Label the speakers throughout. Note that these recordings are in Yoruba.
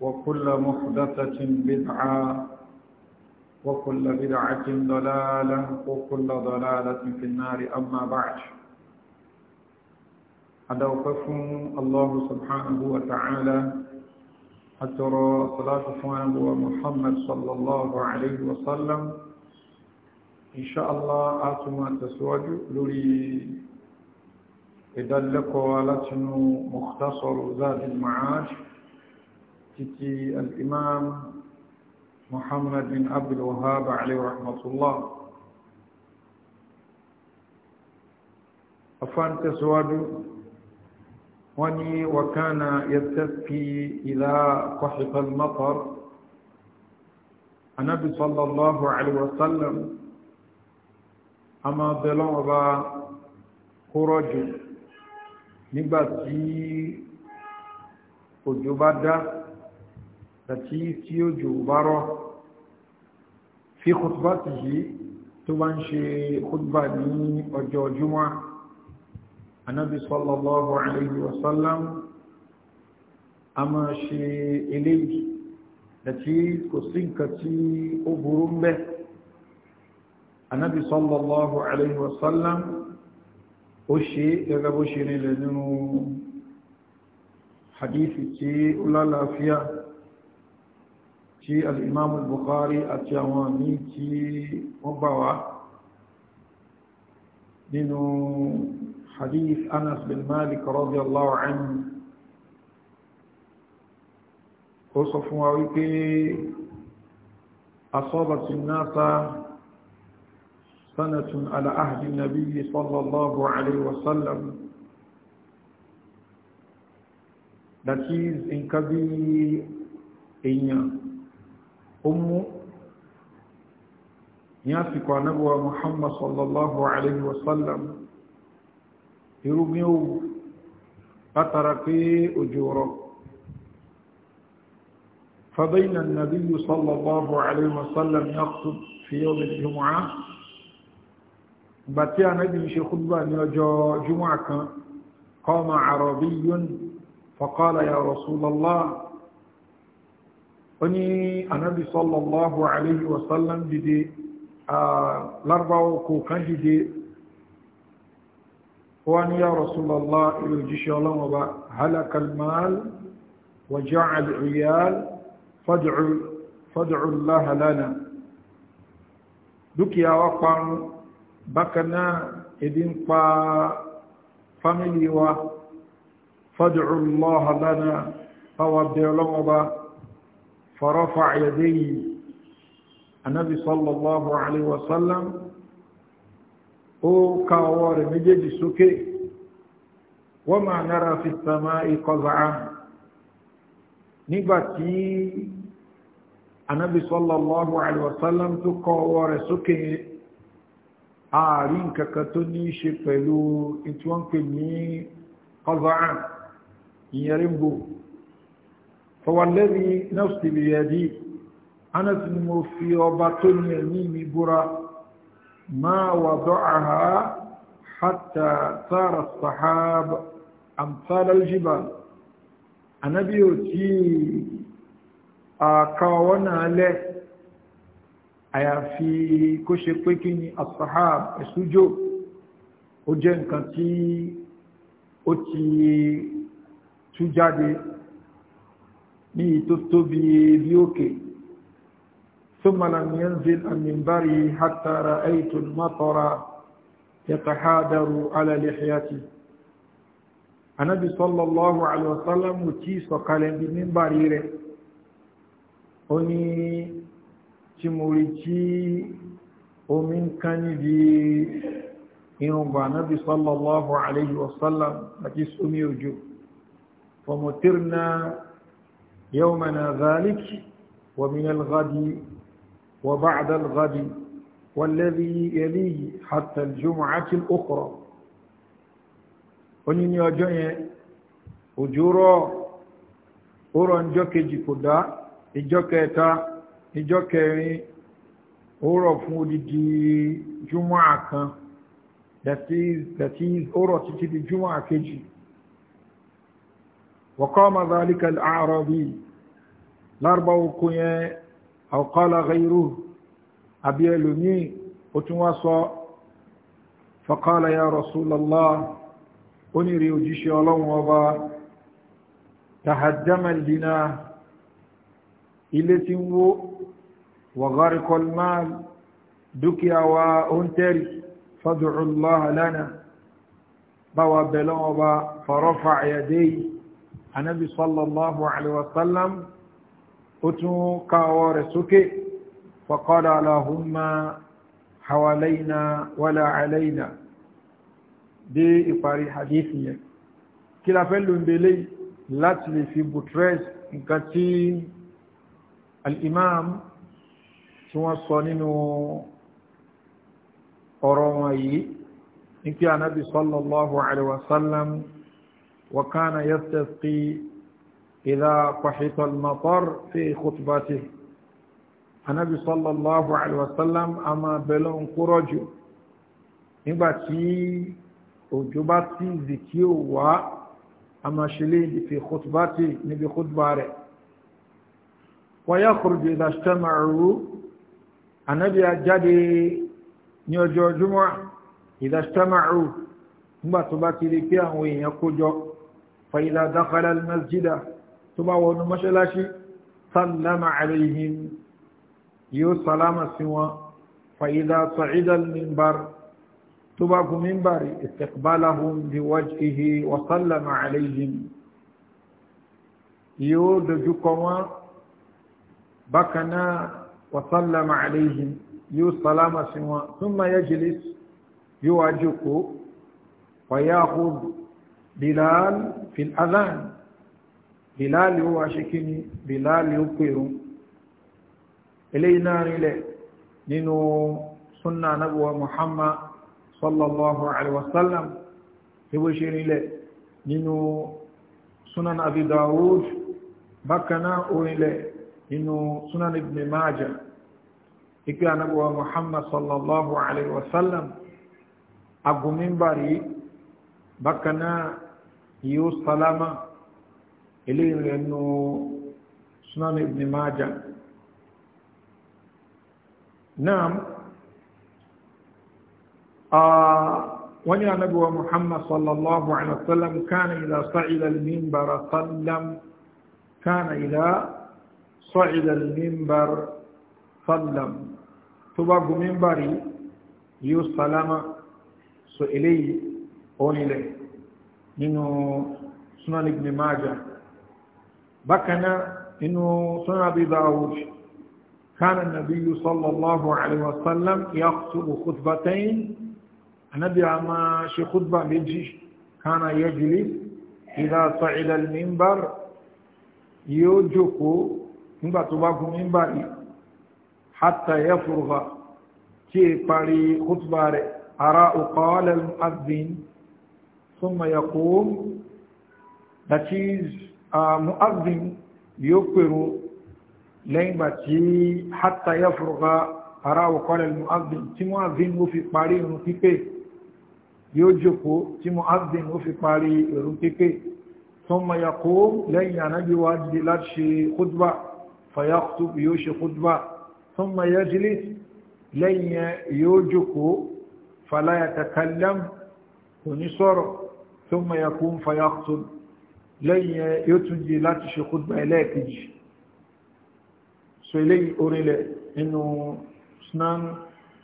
Speaker 1: وكل محدثة بدعة وكل بدعة ضلالة وكل ضلالة في النار أما بعد أدوقكم الله سبحانه وتعالى أترى صلاة سبحانه ومحمد صلى الله عليه وسلم إن شاء الله آتما تسواج لولي إذا لقوا لتنو مختصر ذات المعاش títí al'imam muhammad bin abdul wahab alayhi rahmatullah afán tẹ̀síwájú wọ́n ni wakana yastafki ila qahifal matar anabi sallallahu alayhi wasallam a máa bẹ̀lọ́n ọba kúrọ̀jù nígbàtí òjò bá àti tí ó jò bá rọ́ fi khutbatihi tó bá ń ṣe khutba ní ọjọ́ jùmọ́ anábi sallallahu alayhi wa sallam a máa ṣe eléyìí àti kò sí nǹkan tí ó burú ń bẹ anábi sallallahu alayhi wa sallam ó ṣe gẹ́gẹ́ bó ṣe nílẹ̀ nínú hadithi tí ó lálàáfíà tí al'imamu Bukhari àti àwọn ní tí wọ́n gbà wá nínú hadith Anas bin Malik radiyallahu anhu ó sọ fún wa wípé asọ́bàtí náà سنة على عهد النبي صلى الله عليه وسلم that is in kabi èèyàn أم يافق نبوة محمد صلى الله عليه وسلم يرميو أتركي أجوره فبين النبي صلى الله عليه وسلم يخطب في يوم الجمعة باتيا نبي شيخ خطبة يجا جمعة قام عربي فقال يا رسول الله ó ní anábì sallallahu alayhi wa sallam dìde lárúbáwọ̀ kò kán dìde wọ́n ní ya Rasulullah ilé òjíṣẹ́ ọlọ́wọ́ bá halakal mal wa ja'al iyal fad'u Allaha lana dúkìá wa parun bákan náà ń pa fámílì wa fad'u ọlọ́wọ́ bá فرفع يديه النبي صلى الله عليه وسلم او كاور مجد سكي وما نرى في السماء قزعا نبتي النبي صلى الله عليه وسلم تكاور سكي ààrin kankan tó ní ṣe pẹ̀lú ìtí فوالذي نفسي بيدي أنا اسم في وبطن ميمي برا ما وضعها حتى صار الصحاب أمثال الجبال أنا بيوتي أكاونا له أيا في ṣe الصحاب السجود وجن asahab ẹ̀sújò ó jẹ́ ní tó tóbi bí òkè ثم لم ينزل عن منبره حتى رأيت المطر يتحادر على لحيته anábi sallallahu alaihi wasallam tí sọ̀kalẹ̀ bí mímbàrí rẹ̀ ó ní tí mo rí tí omi ń ká níbi irùngbọ̀n anábi sallallahu alaihi àti sómi òjò fọmọtírná يومنا ذلك ومن الغد وبعد الغد والذي يليه حتى الجمعة الأخرى oní ní ọjọ́ yẹn òjò rọ̀ ó rọ̀ níjọ́ kejì kò dá ìjọ́ kẹta ìjọ́ kẹrin ó rọ̀ fún odidi júmọ́ àkan that is that is ó rọ̀ títí di júmọ́ àkejì وقام ذلك الأعرابي لاربو كوني أو قال غيره أبي لمي وتواصى فقال يا رسول الله أنري وجيشي ولون وضا تهدم البناء إلتي وغرق المال dúkìá wa ó الله لنا fad'u فرفع lana anábì sallallahu alaihi wasallam ó tún káwọ́ rẹ̀ sókè faqala allahumma hawalaina wala alaina dé ìparí hadith yẹn kí la fẹ́ lò ń belé láti lè fi buttress nǹkan tí al-imam tí wọ́n sọ nínú ọ̀rọ̀ wọn yìí ní kí anábì sallallahu alaihi wasallam وكان يستسقي إذا قحط المطر في خطبته النبي صلى الله عليه وسلم أما بلون قرج نباتي وجباتي ذكي و أما شليد في خطبتي نبي خطباري ويخرج إذا اجتمعوا النبي أجدي نيوجو جمعة إذا اجتمعوا نباتي ذكي وين يقول فإذا دخل المسجد تباو نمشلاشي سلم عليهم يو سوا فإذا صعد المنبر تباك منبر استقبالهم بوجهه وسلم عليهم يو بكنا وسلم عليهم يو سوا ثم يجلس يواجهه ويأخذ بلال fil adhan bilali ó wá ṣe kí ni bilali ó pèrún eléyìí náà rinlẹ̀ nínú sunna anabuwa muhammad sallallahu alaihi wasallam ibo ṣe rinlẹ̀ nínú sunan abi dawud bákanáà ó rinlẹ̀ nínú sunan ibn majah ikú anabuwa muhammad sallallahu alaihi wasallam agumin bari bákanáà yóò sálámà eléyìí rẹ̀ nù Sunan Ibn Majah náà wọ́n ní Ànábì wa Muhammad sallallahu alaihi wasallam kana idha sa'ila al-minbar sallam kana idha sa'ila al-minbar sallam tó bá gùn mímbàrí yóò so eléyìí onílẹ̀ nínú sunan ibn majah bákanáà nínú sunan abi dawud كان النبي صلى الله عليه وسلم يخطب خطبتين النبي عما شي خطبة بيجي كان يجلس إذا صعد المنبر يوجكو nígbà tó bá gun mímbà rí hátà ya furfa tí è parí kútbà rẹ̀ ara ọkọ̀ọ́lẹ̀ azbin ثم يقوم that is uh, muazzin يقر ليمتي حتى يفرغ ara وقال المؤذن tí muazzin ó fi parí irun pípé yóò jókòó tí muazzin ó fi parí irun pípé ثم يقوم لين anabi wá dìde láti ṣe khutba فيخطب yóò ṣe khutba ثم يجلس lẹ́yìn yóò jókòó فلا يتكلم kò ní sọ̀rọ̀ ثم يقوم فيخطب لن يتنجي لا تشي خطبة لا تجي سيلي أوريلا إنه سنان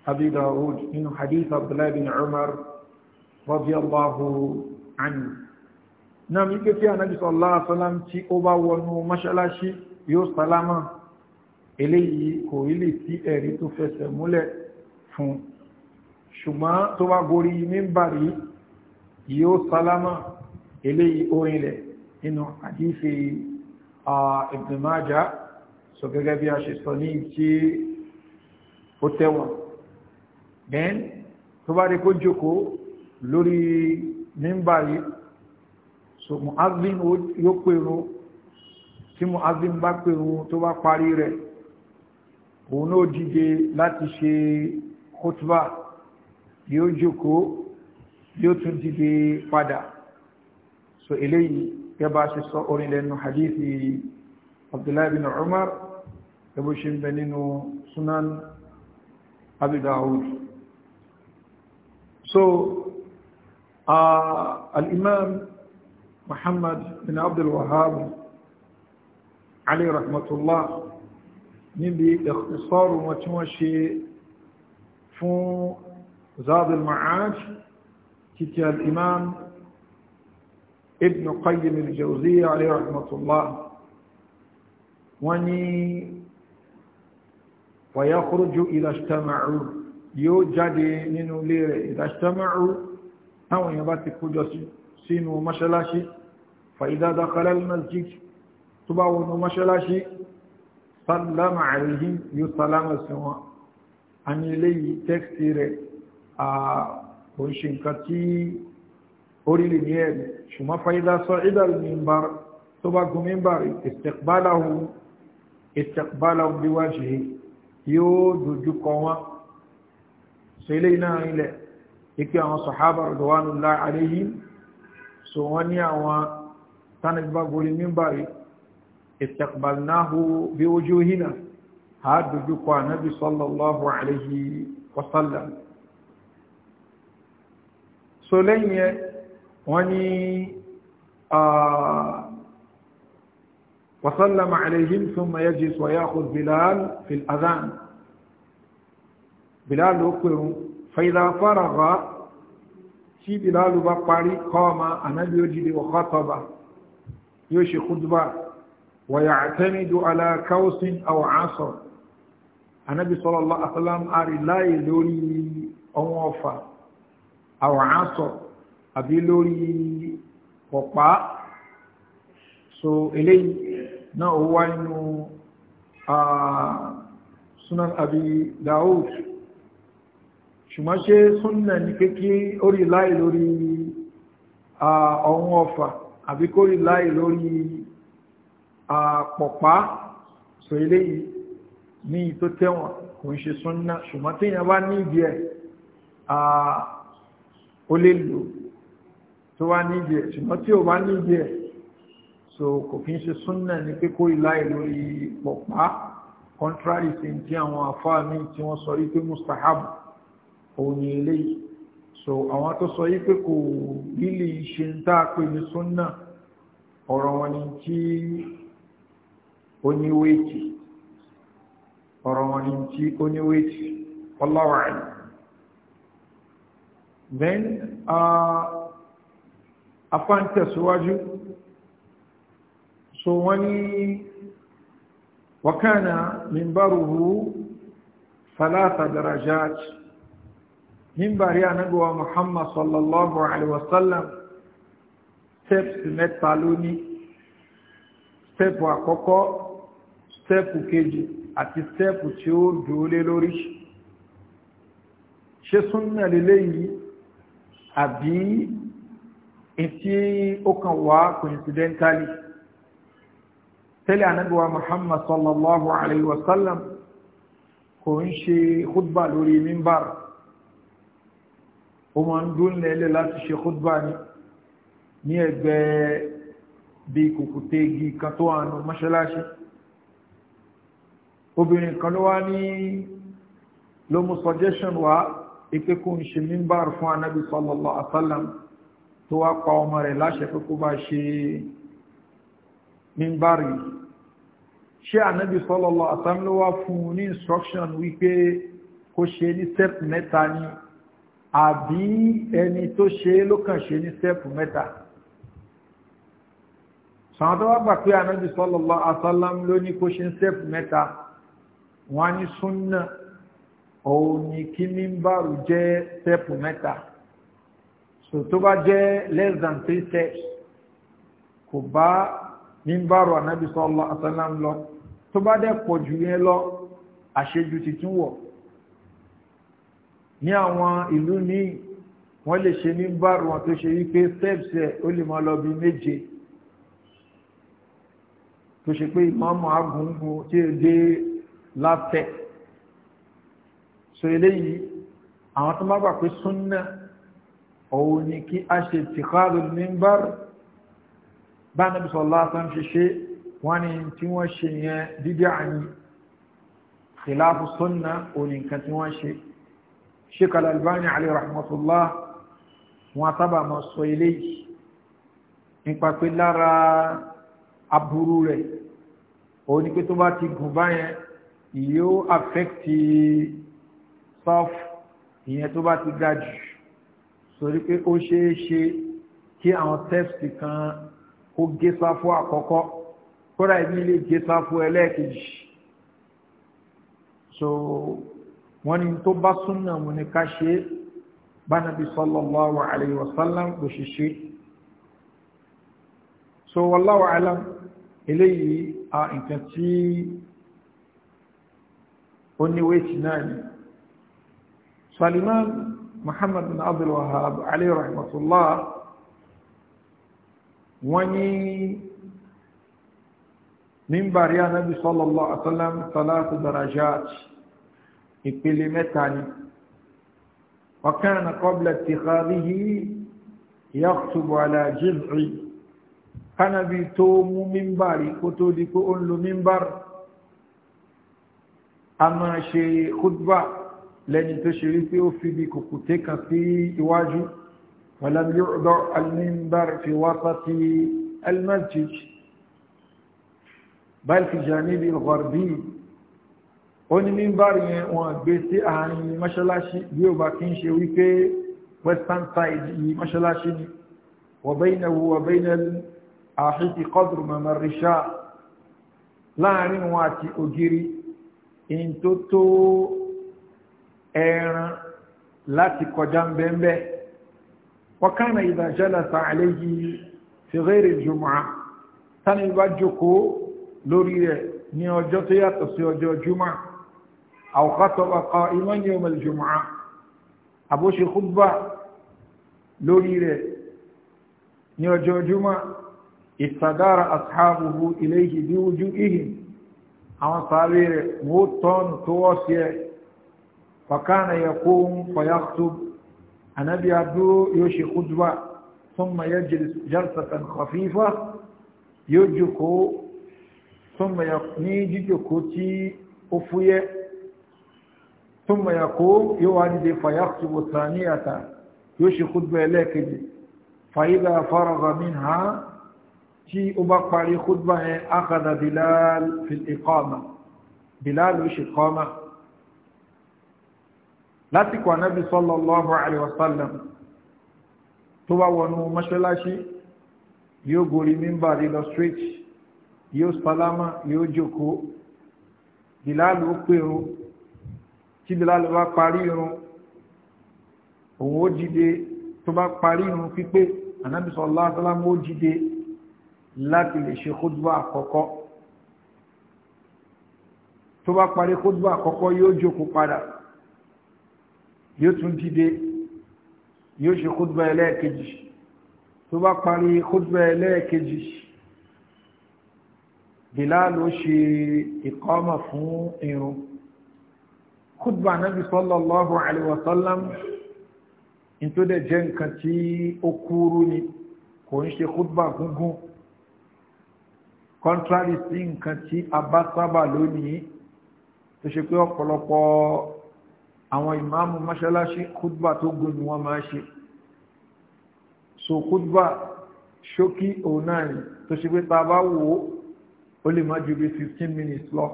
Speaker 1: أبي داود إنه حديث عبد الله بن عمر رضي الله عنه نعم يكفي النبي صلى الله عليه وسلم تي أبا ونو مشلاشي يو سلاما إليه كويلي إلي تي أريتو فسمولة فون شما تبا غوري من باري yóò sálámà eléyìí orinlẹ̀ nínú àdífẹ́ Ibn Majah sọ gẹ́gẹ́ bí a ṣe sọ ní tí ó tẹ́wọ̀n then tó bá rí kó jókòó lórí mímbà yìí so muazzin yóò pèrún tí muazzin bá pèrún tó bá parí rẹ̀ òun náà dìde láti ṣe khutbah yóò jókòó yóò tún dìde padà so eléyìí gẹ́bà ṣe sọ orin lẹ́nu hadithi abdullahi bin umar ẹbú ṣe ń bẹ nínú sunan abi so uh, al-imam muhammad bin abdul wahhab alayhi rahmatullah níbi ikhtisar wọn tí wọ́n ṣe fún zadul ma'aj títí al-imam ibn qayyim al-jawziyya alayhi rahmatullah wọ́n ní wa yakhruju idha ijtama'u yóò jáde nínú ilé rẹ̀ idha ijtama'u táwọn èèyàn bá ti kójọ sínú mọ́ṣáláṣí fa idha dakhala al-masjid tó bá wọnú mọ́ṣáláṣí sallama alayhim yóò sallama sí wọn a ní ilé yìí tẹ́kì rẹ̀ kò ń ṣe nǹkan tí orílẹ̀ ní ẹ̀rì ṣùgbọ́n fàídá sọ ìdàl mímbar tó bá gún mímbar ìtẹ̀kbáláhù ìtẹ̀kbáláhù bí wá ṣe yóò dojú kọ wọn so ilé iná ilẹ̀ ikú àwọn sọ̀hábà rọ̀dọ̀wánulá aléyí so wọ́n ní àwọn tánàgbàgbórí mímbar ìtẹ̀kbáláhù bí ojú hínà ha ànábì sallallahu alayhi wa so lẹ́yìn ẹ wọ́n ní وسلم عليهم ثم يجلس ويأخذ بلال في الأذان بلال يقر فإذا فرغ في بلال بقري قام النبي يجد وخطب يشي خطبة ويعتمد على كوس أو عصر النبي صلى الله عليه وسلم أري لا يلوري أو àwọn aṣọ àbí lórí pọ̀pá so eléyìí náà ó wá nínú sunan àbí daoud ṣùgbọ́n ṣe súnnà ní pé kí ó rí láì lórí ọ̀hún ọfà àbí kó láì lórí pọ̀pá so eléyìí ní tó tẹ́wọ̀n kò ń ṣe súnnà ṣùgbọ́n tí ìyàn ní ìdí ẹ̀ ó lè lò tó wá nídìí ẹ̀ ṣùgbọ́n tí ò bá nídìí ẹ̀ so kò kí ń ṣe súnnà ní pé kó ìláì lórí pọ̀pá contrary sí ti àwọn àfáà tí wọ́n sọ wípé mustahab òun ni eléyìí so àwọn tó sọ wípé kò líle ṣe ń tá a pè ní súnnà ọ̀rọ̀ wọn ni tí ó ní wéètì ọ̀rọ̀ wọn ni tí ó ní wéètì then uh, afan tẹ̀síwájú so wọ́n ní wakana mimbaruhu salata darajat mimbari anagowa muhammad sallallahu alaihi wasallam steps mẹ́ta lóní step àkọ́kọ́ step kejì àti step tí ó dúólé lórí ṣe súnnà lélẹ́yìí àbí etí ó kàn wá coincidentally tẹ́lẹ̀ anábíwá muhammad sallallahu alayhi wa sallam kò ń ṣe khutba lórí mimbar ó máa ń dún lẹ́lẹ́ láti ṣe khutba ni ní ẹgbẹ́ bí kùkùtégi kan tó àánú mọ́ṣáláṣí obìnrin kan ló wá ní ló suggestion wá ipe kó ń ṣe mímbàr fún anábì sallallahu alaihi wasallam tó wá pa ọmọ rẹ̀ láṣẹ pé kó bá ṣe mímbàr yìí ṣé anábì sallallahu alaihi wasallam ló wá fún un ní instruction wípé kó ṣe ní step mẹ́ta ni àbí ẹni tó ṣe ló kàn ṣe ní step mẹ́ta sàn tó wá gbà pé anábì sallallahu alaihi wasallam ló ní kó ṣe ní step mẹ́ta wọ́n á ní súnnà òun ni kí mímbàrù jẹ́ stẹ́pù mẹ́ta so tó bá jẹ́ less than three steps kò bá mímbàrù ànábì sallallahu alaihi wasallam lọ tó bá dẹ̀ pọ̀ jù yẹn lọ àṣejù ti tún wọ̀ ní àwọn ìlú ní wọ́n lè ṣe mímbàrù wọn tó ṣe wípé steps ẹ̀ ó lè máa lọ bí méje tó ṣe pé ìmọ̀ọ́mọ̀ agùngun tí ó dé láfẹ̀ẹ́ so eléyìí àwọn tó má gbà pé súnnà òun ni kí a ṣe tìkádù mímbàr bá nàbí sọ̀lá sàn ṣe ṣe wọ́n ni tí wọ́n ṣe yẹn dídí àní khilafu súnnà òun ni nǹkan tí wọ́n ṣe Sheikh Al-Albani alayhi rahmatullah wọn sábà máa sọ eléyìí nípa pé lára aburú rẹ̀ òun ni pé tó bá ti gùn báyẹn yóò affect saf ìyẹn tó bá ti ga jù sórí pé ó ṣeé ṣe kí àwọn tẹ́psì kan kó gé sáfù àkọ́kọ́ kódà ìbí lè gé sáfù ẹlẹ́ẹ̀kejì so wọ́n ní tó bá súnà mú ní ká ṣe bánabi sallallahu alayhi wa sallam kò ṣe ṣe so wallahu alam eléyìí a nǹkan tí ó ní wéètì náà ni. Salimán Muhammad bin Abdul Wahab alayhi rahmatullah wọ́n ní mímbàrí anábi sallallahu alaihi wasallam salatu darajat ìpele mẹ́ta ni وكان قبل اتخاذه يخطب على جذع كان بيتوم منبر كتو ديكو أنلو منبر أما شيء خطبة lẹ́ni tó ṣe rí pé ó fi bí kùkùté kan sí iwájú walam yu'dar al-minbar fi wasati al-masjid bal fi janibi al-gharbi ó ní mímbàrí yẹn wọ́n gbé sí àárín mọ́ṣáláṣí bí ó bá kí ń ṣe wípé western side yìí mọ́ṣáláṣí ni wa baynahu ẹran láti kọjá ń bẹ́ẹ̀ wakana idha jalasa alayhi fi ghayri al-jumu'ah tani bá jókòó lórí rẹ̀ ní ọjọ́ tó yàtọ̀ sí ọjọ́ jùmọ̀ aw khataba qa'iman yawm al-jumu'ah àbóṣe khutba lórí rẹ̀ ní ọjọ́ jùmọ̀ ìtàdára ashabuhu ilayhi bí wujuhihim àwọn sáré rẹ̀ wó tọ́nù tó wọ́ sí ẹ̀ فكان يقوم فيخطب النبي عبدو يوشي خطبة ثم يجلس جلسة خفيفة يجكو ثم يقني جكوتي أفوية ثم يقوم يوالد فيخطب ثانية يوشي خطبة لكن فإذا فرغ منها تي أبقى لخطبة أخذ بلال في الإقامة بلال وش إقامة lásìkò ànábì sallallahu alaihi wasallam tó bá wọnú mọ́ṣáláṣí yóò gorí mímbà lílọ straight yóò sálámà yóò jókòó bìláàlù ó pèrò tí bìláàlù bá parí irun òun ó dìde tó bá parí irun pípé ànábì sallallahu alaihi wasallam ó dìde láti lè ṣe khutba àkọ́kọ́ tó bá parí khutba àkọ́kọ́ yóò jókòó padà yóò tún dìde yóò ṣe kúdùbà ẹlẹ́ẹ̀kejì tó bá parí kúdùbà ẹlẹ́ẹ̀kejì Bilal ló ṣe ìkọ́mà fún irun kúdùbà Ànábì sallallahu alaihi wasallam nítorí jẹ́ nǹkan tí ó kúrú ni kò ń ṣe kúdùbà gúngún contrary sí nǹkan tí a bá sábà lónìí tó ṣe pé ọ̀pọ̀lọpọ̀ àwọn ìmáàmù mọ́ṣáláṣí kúdbà tó gùn ni wọ́n máa ṣe so kúdbà ṣókí òun náà ni tó ṣe pé ta bá wò ó lè má ju 15 minutes lọ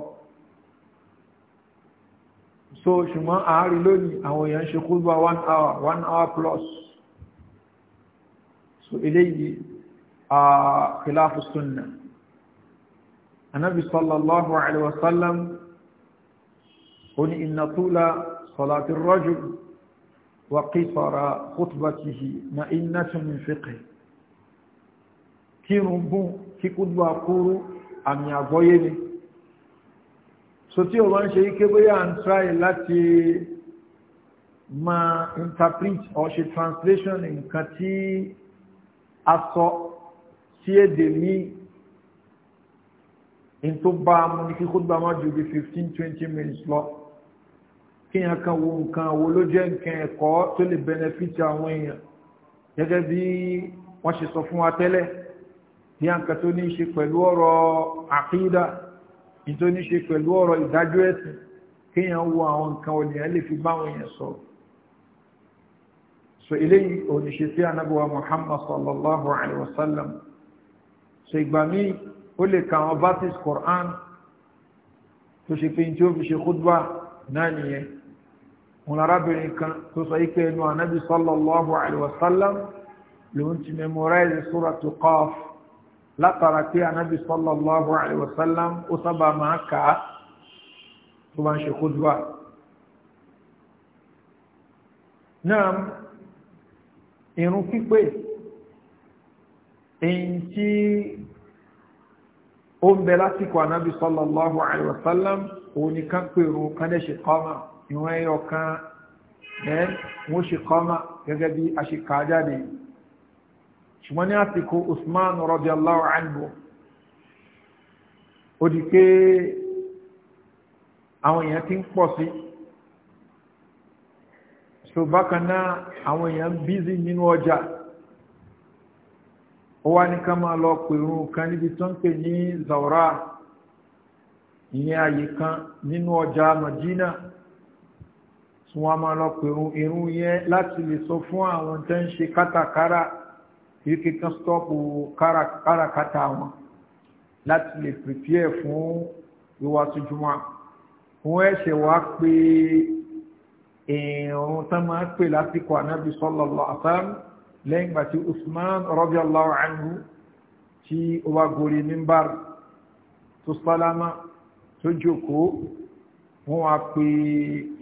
Speaker 1: so ṣùgbọ́n àárín lónìí àwọn èèyàn ṣe kúdbà one hour one hour plus so eléyìí khilafu sunnah anabi sallallahu alaihi wasallam ó ní inna tula صلاة الرجل وقصر خطبته مئنة من فقه kírun bún kí kúdùbà kúrú àmì àgbọ́yé ni so tí o wá ń ṣe ike bóyá à ń try láti máa interpret or ṣe translation nǹkan tí a sọ sí èdè ní in tó bá a mú ní kí kúdùbà má ju bí fifteen twenty minutes lọ kí n kan wo nǹkan wo ló jẹ́ nǹkan ẹ̀kọ́ tó lè benefit àwọn èèyàn gẹ́gẹ́ bí wọ́n ṣe sọ fún wa tẹ́lẹ̀ bí a nǹkan tó ní ṣe pẹ̀lú ọ̀rọ̀ àkídà ní tó ní ṣe pẹ̀lú ọ̀rọ̀ ìdájọ́ ẹ̀sìn kí wo àwọn nǹkan ènìyàn lè fi báwọn èèyàn sọ̀rọ̀ so eléyìí oníṣe sí anábọ̀wá Muhammad sallallahu alaihi wasallam so ìgbà míì ó lè ka àwọn baptist Quran tó ṣe pé ní tí ó fi ṣe khutbah náà nìyẹn wọn arábìnrin kan tó sọ ike ẹnu ànábì sallallahu alaihi wasallam lòun ti memorize suratu Qaf látara pé ànábì sallallahu alaihi wasallam ó sábà máa kà á tó bá ń ṣe kúdùá náà irun pípé èyí tí ó ń bẹ lásìkò ànábì sallallahu alaihi wasallam òun ni ká pèrò kánẹ́ṣe kọ́mà ìwọ̀n ẹyọ kan ẹ́ wọ́n ṣe kọ́mà gẹ́gẹ́ a ṣe kà jáde ṣùgbọ́n ní àsìkò Usman radiyallahu anhu ó di pé àwọn èèyàn ti ń pọ̀ sí so bákan náà àwọn èèyàn ń bízí nínú ọjà ó wá ní ká máa lọ kan níbi tó ń pè ní kan nínú ọjà Madina. No tí wọ́n máa lọ pèrún irun yẹn láti lè sọ fún àwọn tó ń ṣe kátàkárà kìrìkì kan stọ́pù káràkátà wọn láti lè prepare fún ìwà tujúmọ́ wọ́n ẹ̀ṣẹ̀ wá pé ìrùn tán máa pè lásìkò ànábì sallallahu alaihi lẹ́yìn ìgbà tí Usman radiyallahu anhu tí ó wá gorí mímbàr tó sálámà tó jókòó wọ́n wá pé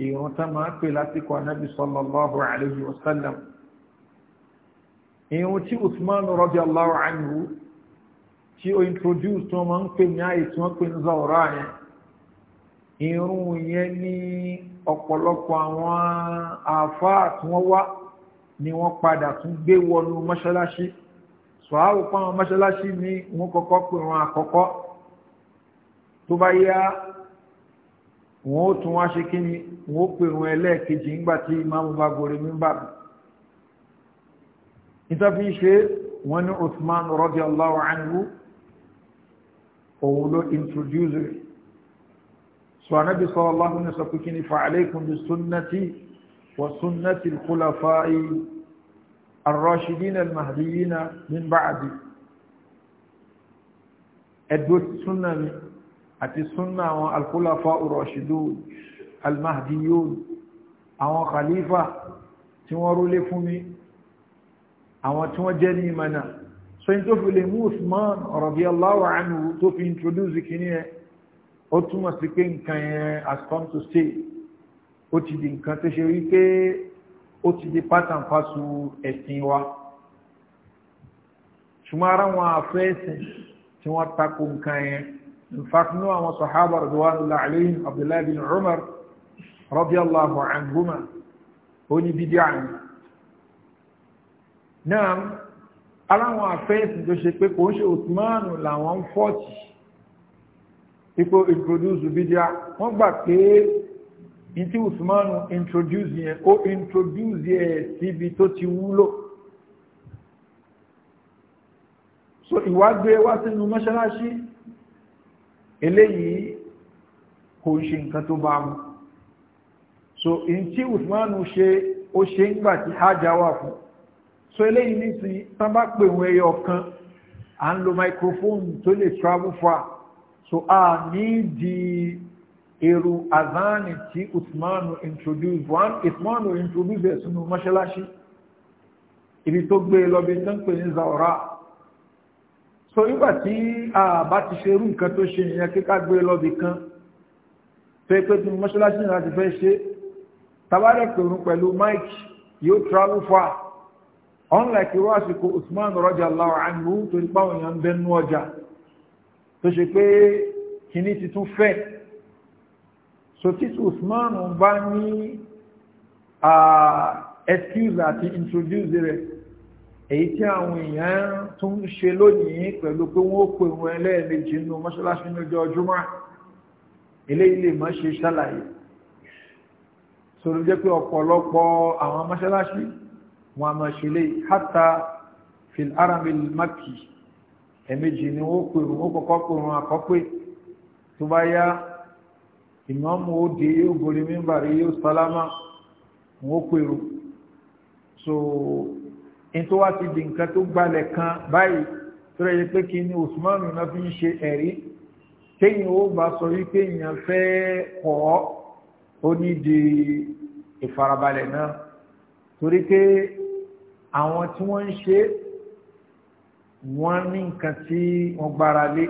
Speaker 1: ìrun tán máa ń pè lásìkò anábì sallallahu alayhi wa sallam ìrun tí usman radiyallahu anhu tí ó introduce tí wọ́n máa ń pè ní àyè tí wọ́n pè ní zawra yẹn ìrun yẹn ní ọ̀pọ̀lọpọ̀ àwọn àáfàá tí wọ́n wá ni wọ́n padà tún gbé wọnú mọ́ṣáláṣí sọ̀háwò pàwọn mọ́ṣáláṣí ni wọ́n kọ́kọ́ pè wọn àkọ́kọ́ tó bá yá wọ́n ó tún wá ṣe kí ni wọ́n ó pèrún ẹlẹ́ẹ̀kejì ńgbà tí imáàmù bá gorí mímbà ìtàbí ṣe wọ́n ní Uthman radiyallahu anhu òun ló introduce rẹ̀ so anábi sallallahu ní sọ kí ni fa'alaikum bi sunnati wa sunnati al-khulafa'i ar-rashidin al-mahdiyina min ba'di ẹ̀dùn sunnah àti súnà àwọn alkúláfà urashidun almahdiyun àwọn khalifa tí wọ́n rólé fún mi àwọn tí wọ́n jẹ́ ní ìmọ̀nà so in tó fi lè mú Usman radiyallahu anhu tó fi introduce kìíní ẹ ó túmọ̀ sí pé nǹkan yẹn has come to stay ó ti di nǹkan tó ṣe rí pé ó ti di pátán fásù ẹ̀sìn wa ṣùgbọ́n ara wọn àfẹ́ ẹ̀sìn tí wọ́n tako nǹkan yẹn in fact ní àwọn sahaba radwanullahi alayhim abdullahi bin umar radiyallahu anhuma ó ní bídí àmì náà aláwọn afẹ́ẹ̀sì tó ṣe pé kò ń ṣe òtùmánù làwọn fọ́ọ̀tì ipò introduce bídí à wọ́n gbà pé in tí usmanu introduce yẹn ó introduce yẹ síbi tó ti wúlò so ìwádìí wá sínú mọ́ṣáláṣí eléyìí kò ṣe nǹkan tó bá mu so in tí usmanu ṣe ó ṣe ń gbà tí hajjá wà fún so eléyìí nísìnyí tán bá pè wọn ẹyọ kan à ń lo microphone tó lè travel far so a ní di èrò azani tí usmanu introduce one usmanu introduce ẹ̀ sínú mọ́ṣáláṣí ibi tó gbé lọ tán pè ní zaura so nígbà tí àbá ti ṣe irú nǹkan tó ṣe ìyẹn kíká gbé lọ́bì kan tó yẹ pé tí mọ́ṣáláṣí náà ti fẹ́ ṣe tabarẹ̀ pẹ̀lú pẹ̀lú mike yóò travel far unlike irú àsìkò usman radiyallahu anhu torí báwọn èèyàn ń bẹnu ọjà tó ṣe pé kìíní ti tún fẹ́ so tí usman bá ní ah, excuse àti introduce rẹ̀ èyí tí àwọn èèyàn tún ń ṣe lónìí pẹ̀lú pé wọ́n pè wọn ẹlẹ́ẹ̀mejì nínú mọ́ṣáláṣí lọ́jọ́ ọjọ́mọ́ eléyìí lè má ṣe ṣàlàyé sọ̀rọ̀ jẹ́ pé ọ̀pọ̀lọpọ̀ àwọn mọ́ṣáláṣí wọn a máa ṣe lé hátà fil aramil maki ẹ̀mejì ni wọ́n pè wọn ó kọ́kọ́ pè wọn àkọ́pẹ́ tó bá yá ìmọ̀ọ́mù ó yóò borí mímbàrí yóò sálámà wọn pè wọn in tó wá ti di nǹkan tó gbalẹ̀ kan báyìí tó rẹ̀ yẹ pé kí ni Usman náà fi ń ṣe ẹ̀rí téyìn ó bá sọ wípé èèyàn fẹ́ kọ́ ó ní di ìfarabalẹ̀ náà torí pé àwọn tí wọ́n ń ṣe wọ́n ní nǹkan tí wọ́n gbára lé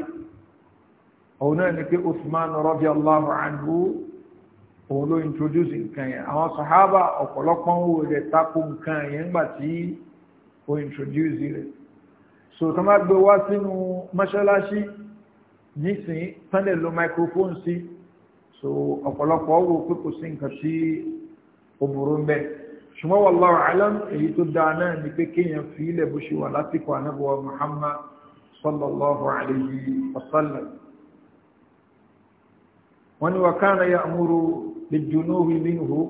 Speaker 1: òun náà ni pé Usman radiyallahu anhu òun ló introduce nǹkan yẹn àwọn sàhábà ọ̀pọ̀lọpọ̀ ń wò rẹ̀ tako nǹkan yẹn nígbà tí ó introduce rẹ̀ so tó má gbé wá sínú mọ́ṣáláṣí nísìnyí tánlẹ̀ lo microphone sí so ọ̀pọ̀lọpọ̀ wo pé kò sí nǹkan tí ó burú ń bẹ́ ṣùgbọ́n wallahu alam èyí tó dáa náà ni pé kéèyàn fi ilẹ̀ bó ṣe wà lásìkò ànábọ̀wá Muhammad sallallahu alayhi wa sallam wọ́n ní wa kana ya'muru bil-junubi minhu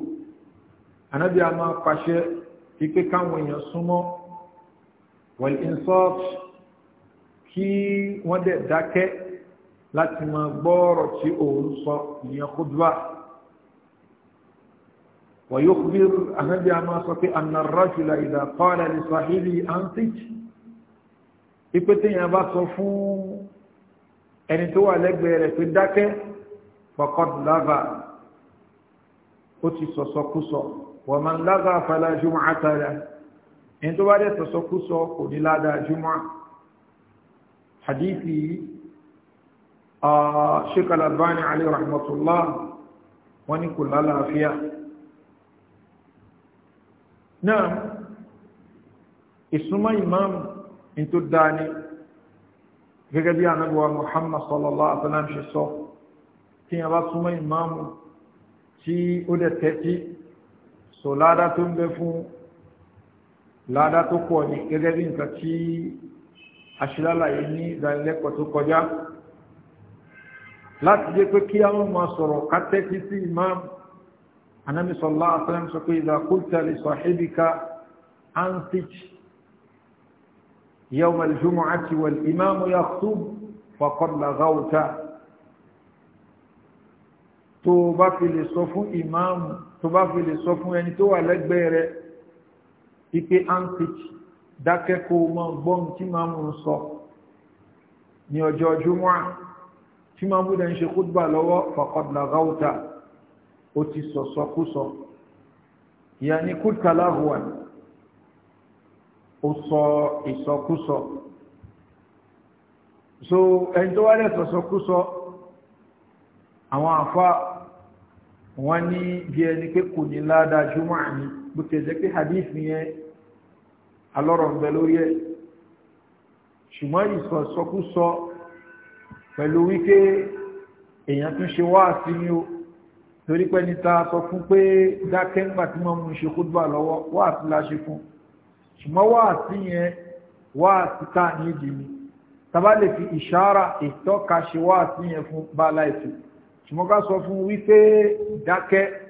Speaker 1: ànábì àmọ́ pàṣẹ ìpé káwọn èèyàn súnmọ́ wal insaf kí wọ́n dẹ̀ dákẹ́ láti máa gbọ́ọ̀rọ̀ tí òun sọ ìyẹn khudwa wa yukhbir anábíà máa sọ pé anna ar-rajula idha qala li sahibi antik ipe téèyàn bá sọ fún ẹni tó wà lẹ́gbẹ̀ẹ́ rẹ̀ pé dákẹ́ faqad lága ó ti sọ̀sọ̀kúsọ wa man lága fala jum'ata ẹni tó bá dẹ̀ sọ̀sọ́kúsọ kò ní ládàá jùmọ́ hadithi Sheikh Al-Albani alayhi rahmatullah wọ́n ní kò lálàáfíà náà ìsúnmọ́ ìmáàmù ní tó dáa ni gẹ́gẹ́ bí anábíwá Muhammad sallallahu alaihi wa sallam ṣe sọ tí a bá súnmọ́ ìmáàmù tí ó dẹ̀ tẹ́tí sọ̀ládá tó ń bẹ fún ládá tó pọ̀ ní gẹ́gẹ́ bí nǹkan tí aṣílálàyé ní ìdánilẹ́kọ̀ọ́ tó kọjá láti jẹ́ pé kí àwọn máa sọ̀rọ̀ kátẹ́kí sí imam anami sallallahu alaihi wasallam sọ pé idha qulta li sahibika ansich yawm al-jumu'ati wal imam yakhutub faqad laghawta tó bá fi lè sọ fún imam tó bá fi lè sọ fún ẹni tó wà lẹ́gbẹ̀ẹ́ rẹ̀ ipe antic dákẹ́kọ̀ọ́ mọ́ gbọ́n tí máa mú un sọ ní ọjọ́ jùmọ́ tí máa mú dẹ̀ ń ṣe kúdùbà lọ́wọ́ fàkọ̀dùlà gáúta ó ti sọ̀sọ̀ kú sọ ìyá ní kúdùkà láhùwà ó sọ ìsọkúsọ so ẹni tó wá lẹ̀ àwọn àfa wọn ní bí ẹni pé kò ní ládàá jùmọ́ àmì bó ti jẹ́ pé hadith yẹn alọ́rọ̀ ń bẹ lórí ẹ̀ ṣùgbọ́n ìsọ̀sọkúsọ pẹ̀lú wíké èèyàn tún ṣe wá sí ní o torí pé ní ta sọ fún pé dákẹ́ ńgbà tí wọ́n mú un ṣe kúdùbà lọ́wọ́ wá sí láṣẹ fún ṣùgbọ́n wá sí yẹn wá sí tá nídìí ni tàbá lè fi ìṣára ìtọ́ka ṣe wá sí yẹn fún bá láìsí ṣùgbọ́n ká sọ fún wípé dákẹ́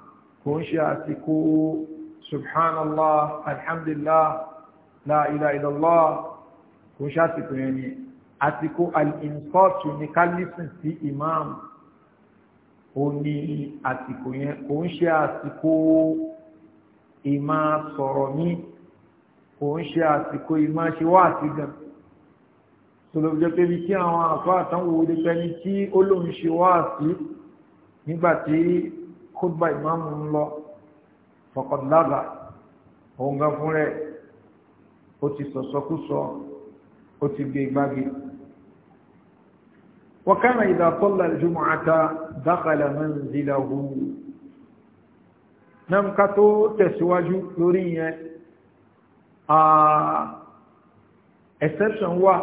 Speaker 1: kò ń ṣe àsìkò subhanallah alhamdulillah la ilaha illallah kò ń ṣe àsìkò yẹn ni àsìkò al-insọ́ọ̀tù ní kálísìn sí imam ó ní àsìkò yẹn kò ń ṣe àsìkò ìmá sọ̀rọ̀ ní kò ń ṣe àsìkò ìmá ṣe wá àti gan tòlòjọ́ pé bí àwọn àfáà tán wò ó tí ó lóun ṣe wá àti nígbàtí kódùbà ìmáàmù ń lọ fọkànlábà òun gan fún rẹ̀ ó ti sọ̀sọ́kúsọ ó ti gbé gbági وكان إذا صلى الجمعة دخل منزله nam ka tó tẹ̀síwájú lórí yẹn exception wà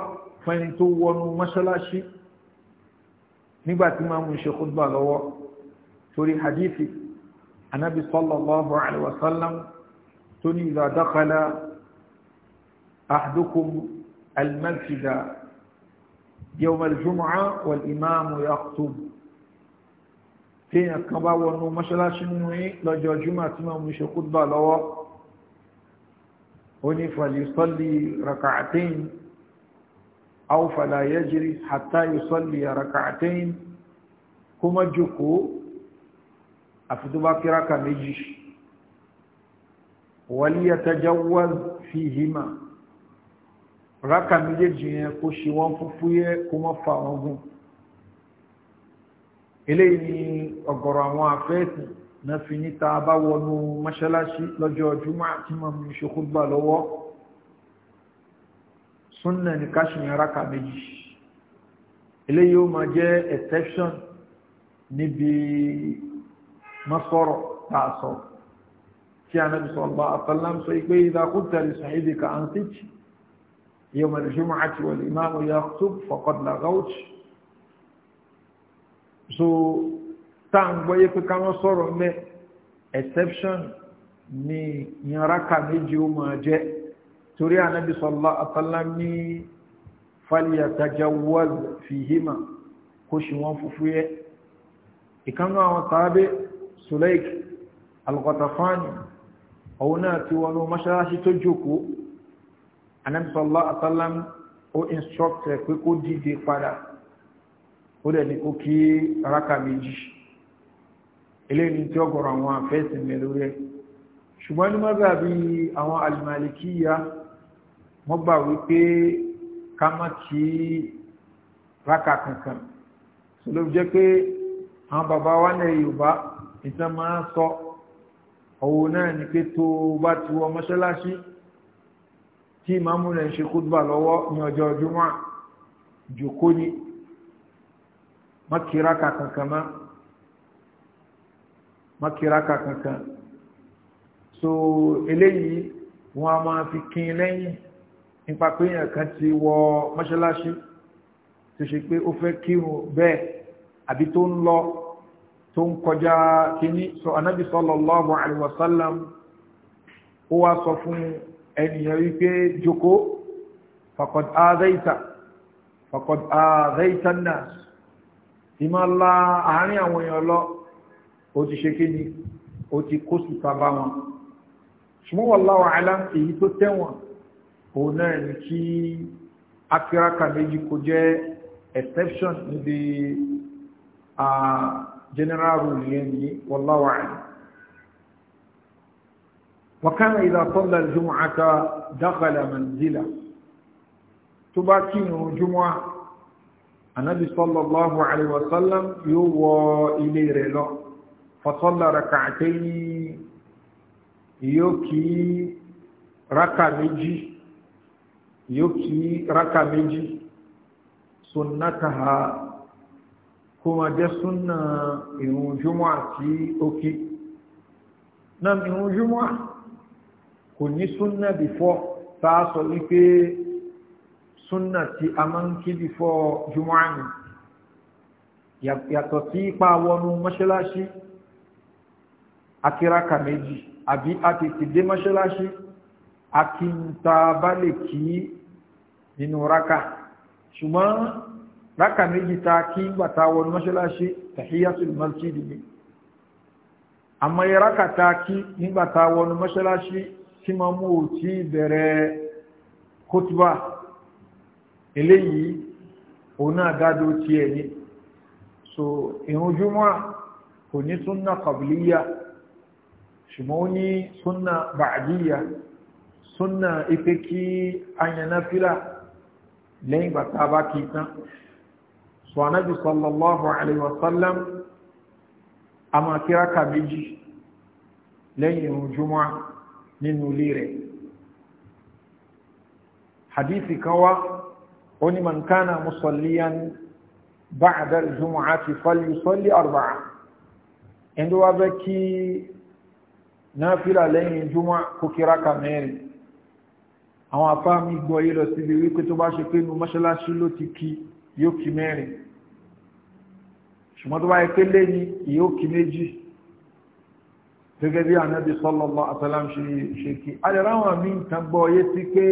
Speaker 1: fún ẹni tó wọnú mọ́ṣáláṣí nígbàtí máa mú ṣe khutba lọ́wọ́ torí hadithi anábi sallallahu alaihi wasallam tó ní idha dakhala ahdukum almasjida yawm aljum'a wal imamu yakhutub téèyàn kan bá wọnú mọ́ṣáláṣí nínú yín lọ́jọ́ jùmọ̀ tí wọ́n mú ṣe kútbà lọ́wọ́ ó ní fàlìsọ́lì raka'atain aw fala yajri hatta yusalli raka'atain kó má jókòó àfi tó bá kíráka méjì wàlíyàtajawaz fìhìmà ráka méjèèjì yẹn kó ṣe wọ́n fúfú yẹ kó má fa wọn gùn eléyìí ni ọ̀gọ̀rọ̀ àwọn afẹ́ẹ̀sì náà fi níta bá wọnú mọ́ṣáláṣí lọ́jọ́ jùmọ̀ àti mọ̀mú ìṣokúgbà lọ́wọ́ súnnà ní káṣíyàn ráka méjì eléyìí ó exception níbi má sọ̀rọ̀ tá a sọ tí a nàbí sallallahu alaihi wasallam sọ pé idha qulta li sahibika ansit yawm al-jumu'ati wal imamu yakhutub faqad laghawt so tá à ń gbọ́ yẹ pé ká wọ́n sọ̀rọ̀ mẹ́ exception ni ìyànraka méjì ó máa jẹ́ torí ànábi sallallahu alaihi wasallam ní falyatajawwaz fìhímà kó ṣe wọ́n fúfú yẹ ìkánú àwọn tàbí Sulaik al-Ghatafani òun náà ti wọnú mọ́ṣáláṣí tó jókòó Ànábì sallallahu alaihi wasallam ó instruct rẹ̀ pé kó dìde padà ó dẹ̀ ní kó kí rákà méjì eléyìí tí ọ̀gọ̀rọ̀ àwọn àfẹ́sì mẹ́rin rẹ̀ ṣùgbọ́n ní mọ́gbà bí àwọn alìmọ̀lìkíyà wọ́n gbà wípé ká má kí rákà kankan ló jẹ́ pé àwọn bàbá wa ní Yorùbá ìtàn máa sọ ọ̀wọ̀ náà ni pé tó bá ti wọ mọ́ṣáláṣí tí ìmáàmù rẹ̀ ń ṣe kúdùbà lọ́wọ́ ní ọjọ́ ọdúnwà jòkó ni mákìráka kankan má mákìráka kankan so eléyìí wọn a máa fi kín lẹ́yìn nípa pé èèyàn kan ti wọ mọ́ṣáláṣí tó ṣe pé ó fẹ́ kírun bẹ́ẹ̀ àbí tó ń lọ tó ń kọjá kíní so anábì sallallahu alaihi wasallam ó wá sọ fún ẹnìyàn wípé joko faqad azaita faqad azaita an-nas ìmọ̀ la àárín àwọn èèyàn lọ ó ti ṣe kíní ó ti kó sùtà bá wọn ṣùgbọ́n wallahu alam èyí tó tẹ̀wọ̀n òun náà ní kí akíraka méjì kò jẹ́ exception níbi general rule yẹn ni wallahu a'lam wa kana idha salla al-jumu'ata dakhala manzila tó bá kírun jumu'a anabi sallallahu alayhi wa sallam yóò wọ ilé rẹ̀ lọ fa salla rak'atayn yóò kí raka méjì yóò kí raka méjì sunnataha kó máa jẹ́ súnà ìrun júmọ́ àti òkè náà ìrun júmọ́ kò ní súnà bìfọ́ tá a sọ wípé súnà tí a máa ń kí bìfọ́ júmọ́ àmì yàtọ̀ sí ipa wọnú mọ́ṣáláṣí akíraka méjì àbí àtètè dé mọ́ṣáláṣí akínta kí nínú raka ṣùgbọ́n rákà méjì ta kí gbàtà wọnú mọ́ṣáláṣí tahiyatul masjid ni àmọ́ yẹ rákà ta kí nígbàtà wọnú mọ́ṣáláṣí tí ma mú ò tí bẹ̀rẹ̀ kótùbà eléyìí òun náà dádó tí ẹ̀ ní so ìrun júmọ́ kò ní súnnà qabliya ṣùgbọ́n ó ní súnnà ba'diya súnnà ipe kí lẹ́yìn gbàtà bá kì tán so anabi sallallahu alayhi wa sallam a máa kí rákà méjì lẹ́yìn ìrun jùmọ́ nínú ilé rẹ̀ hadithi kan wá ó ní man kana musalliyan ba'da al-jumu'ati falyusalli arba'a ẹni wá bẹ́ kí náfílà lẹ́yìn jùmọ́ kó kí rákà mẹ́rin àwọn afá mi gbọ́ yí lọ síbi wípé tó bá ṣe pé inú mọ́ṣáláṣí ló ti kí yóò kí mẹ́rin ṣùgbọ́n tó bá yẹ pé lẹ́ni yóò kí méjì gẹ́gẹ́ bí anábì sallallahu alaihi wasallam ṣe kí adẹ̀ráwọn mi ń tan gbọ́ yé sí pé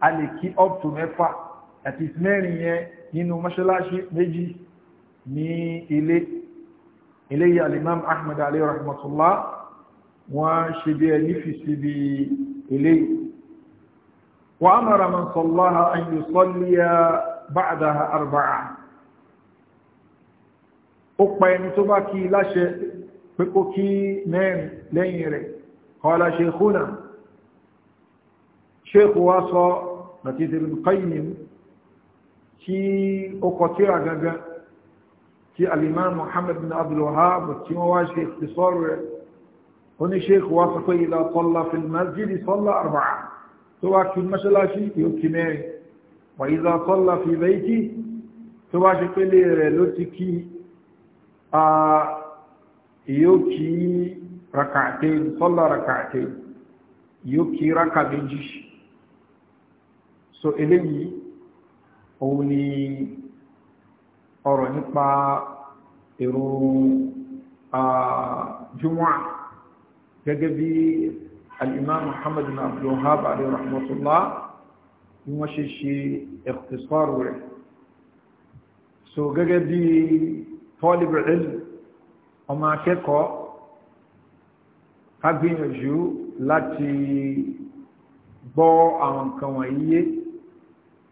Speaker 1: a lè kí up to mẹ́fà àti mẹ́rin yẹn nínú mọ́ṣáláṣí méjì ní ilé ilé yìí alimam ahmed alayhi rahmatullah wọ́n ṣe bí ẹni fi sí bí ilé wa amara man sallaha an yusalliya ba'daha arba'a ó pa ẹni tó bá kí láṣẹ pé kó kí mẹ́rin lẹ́yìn rẹ̀ qala shaykhuna sheikh wa sọ láti ibn qayyim tí ó kọ tíra gangan tí al-imam muhammad bin abdul wahhab tí wọ́n wá ṣe ìfisọ́rù rẹ̀ oní sheikh wa sọ pé idha salla fil masjid salla tó wá kí mọ́ṣáláṣí yóò kí mẹ́rin wà ìzà sọ́lá fi bẹ́ẹ̀kì tó bá ṣe pélé rẹ̀ ló ti kí a yóò kí rakàtẹ́ sọ́lá rakàtẹ́ yóò kí rákà méjì so eléyìí òun ni ọ̀rọ̀ nípa èrò jùmọ́à gẹ́gẹ́ bí al-imam muhammadu abdullahi rahmatullah bí wọ́n ṣe ṣe ẹ̀kùtìsọ́rù rẹ̀ so gẹ́gẹ́ bí talib ilm ọmọ akẹ́kọ̀ọ́ ká gbìyànjú láti gbọ́ àwọn nǹkan wọ̀nyí yé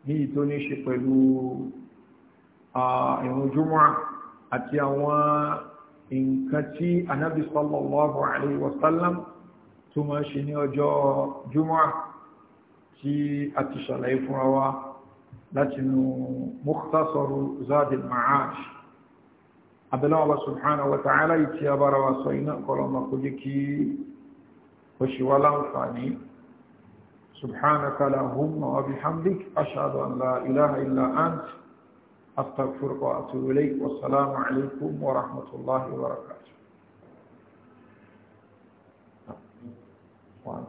Speaker 1: ní ìtò ní ṣe pẹ̀lú ìrun jumu'a àti àwọn nǹkan tí anábi sallallahu alaihi wasallam tó máa ṣe ní ọjọ́ jumu'a tí a ti ṣàlàyé fúnra wa láti nù Mukhtasar Zad al-Ma'ad abẹ́lẹ́ wa subhanahu wa ta'ala ìtì abára wa sọ iná kọlọ́mà kó jẹ́ kí ó ṣe wá láǹfààní subhanaka lahumma wa bihamdik ashhadu an la ilaha illa ant astaghfiruka wa atubu ilayk wa salaamu alaykum wa rahmatullahi wa barakatuh Wow.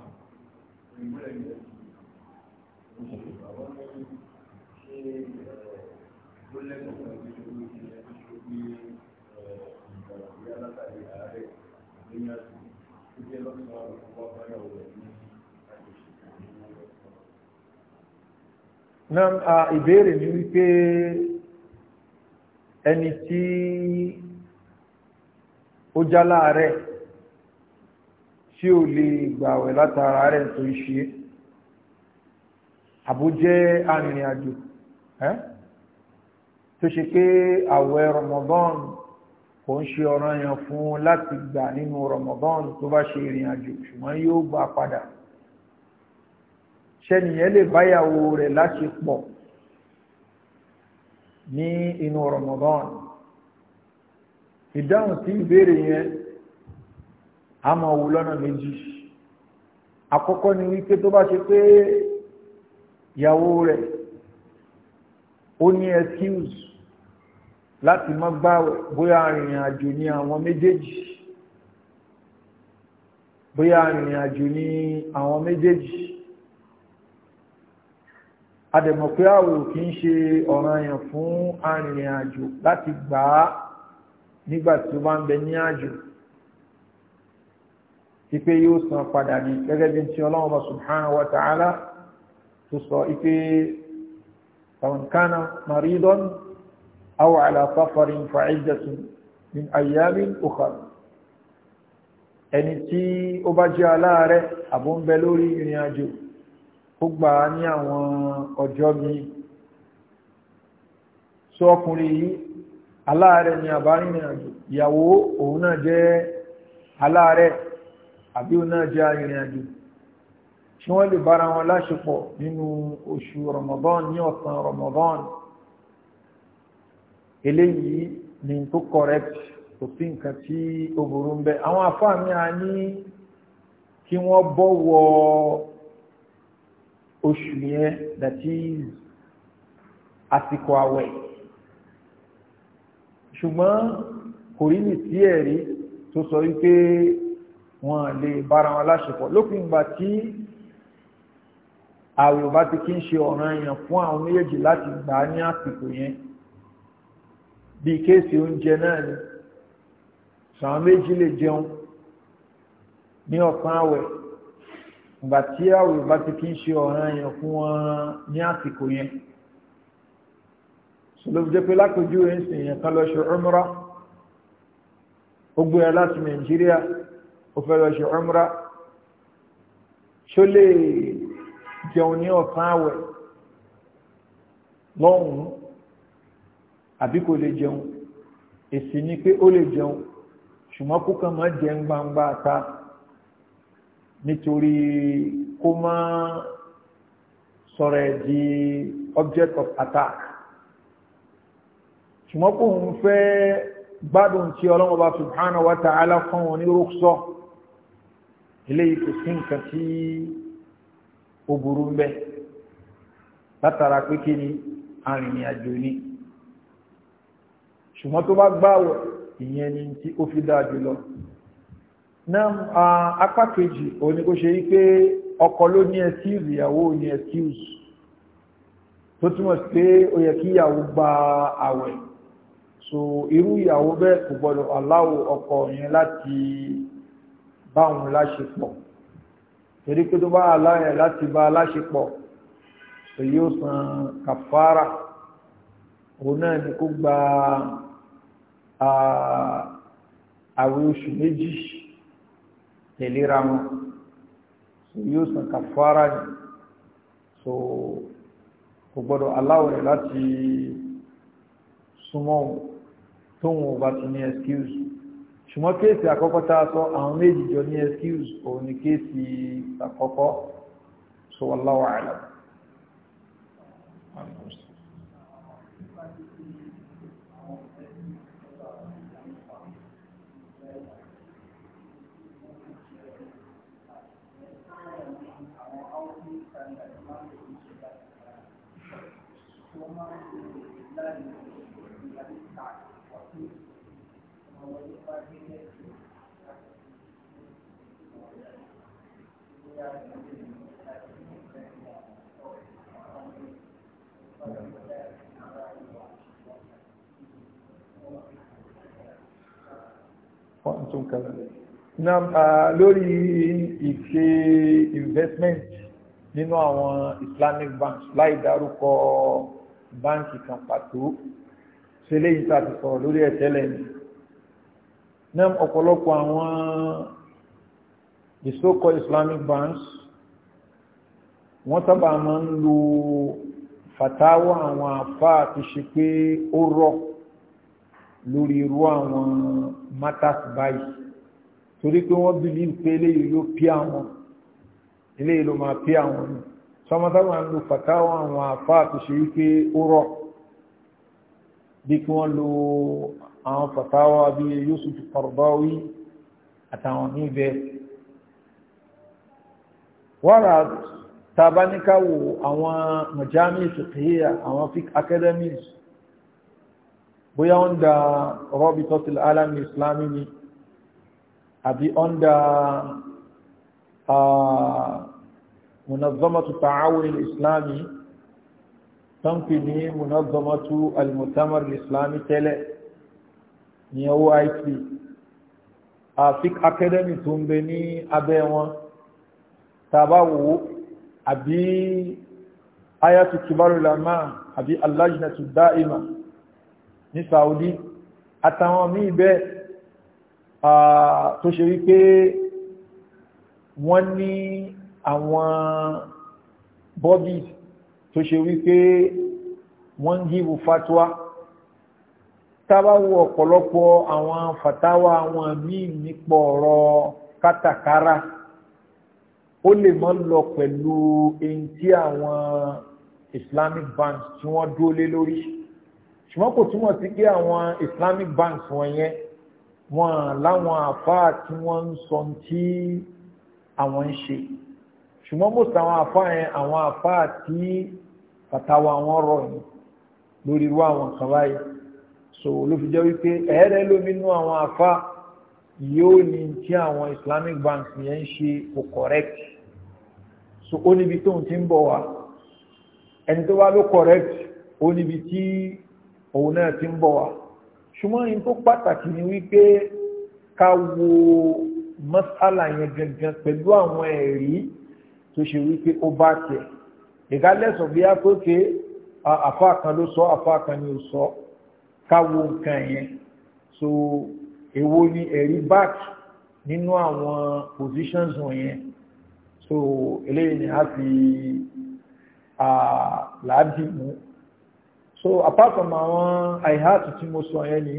Speaker 1: náà ìbéèrè ní wípé ẹni tí ó já láàárẹ̀ tí ò lè gbàwẹ̀ látara rẹ̀ tó ń ṣe é àbó jẹ́ arìnrìn àjò tó ṣe pé àwẹ̀ Ramadan kò ń ṣe ọ̀ranyàn fún láti gbà nínú Ramadan tó bá ṣe ìrìn àjò ṣùgbọ́n yóò gbà padà ṣẹ́niyàn lè báyàwó rẹ̀ láṣepọ̀ ní inú Ramadan ìdáhùn sí ìbéèrè yẹn a máa wù lọ́nà méjì àkọ́kọ́ ni wípé tó bá ṣe pé ìyàwó rẹ̀ ó ní excuse láti má gbààwẹ̀ bóyá arìnrìn àjò ní àwọn méjèèjì bóyá arìnrìn àjò ní àwọn méjèèjì adẹ̀mọ̀ pé àwò kì í ṣe ọ̀ranyàn fún arìnrìn àjò láti gbà á nígbà tí ó bá ń bẹ ní àjò tí pé yóò san padà ní gẹ́gẹ́ bí ti Ọlọ́run subhanahu wa ta'ala tó sọ ipé tàunkánà maridon aw ala safarin fa'iddatun min ayyamin ukhra ẹni tí ó bá jẹ́ aláàrẹ̀ àbúnbẹ lórí ìrìn àjò ó gbà á ní àwọn ọjọ́ mi sọ ọkùnrin yìí aláàrẹ̀ ni àbárìnrìn àjò ìyàwó òun náà jẹ́ aláàrẹ̀ àbí òun náà jẹ́ arìnrìn àjò tí wọ́n lè bára wọn láṣepọ̀ nínú oṣù Ramadan ní ọ̀sán Ramadan eléyìí ni tó correct kò sí nǹkan tí ó burú ń bẹ àwọn afáàmì a ní kí wọ́n bọ̀wọ̀ oṣù yẹn that is àsìkò àwẹ̀ ṣùgbọ́n kò rí ní sí ẹ̀rí tó sọ wípé wọ́n lè bára wọn láṣepọ̀ lópin ìgbà tí àwẹ̀ ò bá ti kí ń ṣe ọ̀ràn èèyàn fún àwọn méjèèjì láti gbà á ní àsìkò yẹn bí kéèsì oúnjẹ náà ni sàwọn méjì lè jẹun ní ọ̀sán àwẹ̀ ìgbà tí àwẹ̀ ò ti kí ń ṣe ọ̀ràn èèyàn fún wọn ní àsìkò yẹn sọlọ́ jẹ́ pé lápẹjú ẹ̀sìn èèyàn kan lọ ṣe umra ó gbé ẹ e láti nàìjíríà ó fẹ́ lọ ṣe umra ṣó lè jẹun ní ọ̀sán àwẹ̀ lọ́hùn-ún àbí kò lè jẹun èsì ni pé ó lè jẹun ṣùgbọ́n kó kàn má jẹun gbangba ta nítorí kó má sọ̀rọ̀ ẹ̀ di object of attack ṣùgbọ́n kó ń fẹ́ gbádùn tí ọlọ́mọba subhanahu wa ta'ala fún wọn ní rúkṣọ́ eléyìí kò sí nǹkan tí ó burú ń bẹ látara pé kí ni arìnrìn àjò ni ṣùgbọ́n tó bá gbáwọ̀ ìyẹn ni tí ó fi dáa jùlọ náà apá kejì òun ni kó ṣe yí pé ọkọ ló ní excuse ìyàwó ní excuse tó túmọ̀ sí pé ó yẹ kí ìyàwó gba àwẹ̀ so irú ìyàwó bẹ́ẹ̀ kò gbọ́dọ̀ aláwọ̀ ọkọ yẹn láti báwọn láṣepọ̀ torí pé tó bá aláyẹ̀ láti bá aláṣepọ̀ tó yóò san kàfàrà òun náà ni kó gba àwẹ̀ oṣù méjì tẹ̀léra wọn tó yóò san kàfàrà ni so kò gbọ́dọ̀ aláwẹ̀ láti súnmọ́ tóun ò bá ti ní excuse ṣùgbọ́n kéèsì àkọ́kọ́ tá a sọ àwọn méjì jọ ní excuse òun ni kéèsì àkọ́kọ́ so wallahu a'lam nǹkan uh, lórí ìṣe investment nínú àwọn islamic banks láì dárúkọ báńkì kan pàtó ṣe léyìí tá a ti sọ̀rọ̀ lórí ẹ̀tẹ́lẹ̀ ni náà ọ̀pọ̀lọpọ̀ àwọn the so-called islamic banks wọ́n sábà máa ń lo fàtáwọ́ àwọn àfáà ti ṣe pé ó rọ̀ lórí irú àwọn matters báyìí torí pé wọ́n believe pé eléyìí ló pí àwọn eléyìí ló máa pí àwọn ni sọmọtàwọn ń lo fàtàwọn àwọn àfáà tó ṣe wípé ó rọ̀ bí kí wọ́n lo àwọn fàtàwọn bí Yusuf Qaradawi àtàwọn níbẹ̀ wàrà tabaníkàwò àwọn mọ̀jámì fìkìyà àwọn academics bóyá ọ́ndà Rabitatul Alami Islami ni àbí ọ́ndà uh, Munazzamatu Ta'awun Islami tánpì ní Munazzamatu Al-Mu'tamar Islami tẹ́lẹ̀ ní OIC afik academy tó ń bẹ ní abẹ́ wọn tàbá àbí ayatu kibarulama àbí al-lajnatu da'ima ní Saudi àtàwọn míì bẹ́ẹ̀ tó ṣe wípé wọ́n ní àwọn bodies tó ṣe wípé wọ́n ń gíbu fatwa tábàwò ọ̀pọ̀lọpọ̀ àwọn fatawa àwọn míì nípa ọ̀rọ̀ kátàkárà ó lè mọ́ lọ pẹ̀lú eyín tí àwọn Islamic banks tí wọ́n dúró lé lórí ṣùgbọ́n kò túmọ̀ sí pé àwọn islamic banks wọ̀nyẹn wọn láwọn àfáà tí wọ́n ń sọ tí àwọn ń ṣe ṣùgbọ́n most àwọn àfáà yẹn àwọn àfáà tí fatawa wọn rọ̀ yìí lórí irú àwọn kan báyìí so ló fi jẹ́ wípé ẹ̀ẹ́rẹ́ lómi nú àwọn àfáà yóò ní tí àwọn islamic banks yẹn ń ṣe kò correct so ó níbi tóun ti ń bọ̀ wá ẹni tó bá ló correct ó níbi tí òun náà ti ń bọ̀ wá ṣùgbọ́n yìí tó pàtàkì ni wípé ká wo mọ́sálà yẹn gangan pẹ̀lú àwọn ẹ̀rí tó ṣe wípé ó bá tẹ̀ ìgálẹ́sọ̀ bí a tó ké àfa kan ló sọ àfa kan ni ò sọ ká wo nǹkan yẹn so èwo ni ẹ̀rí báàkì nínú àwọn positions wọ̀nyẹn so eléyìí ni a fi làádìí mú so apart from àwọn àìhàtù tí mo sọ yẹn ni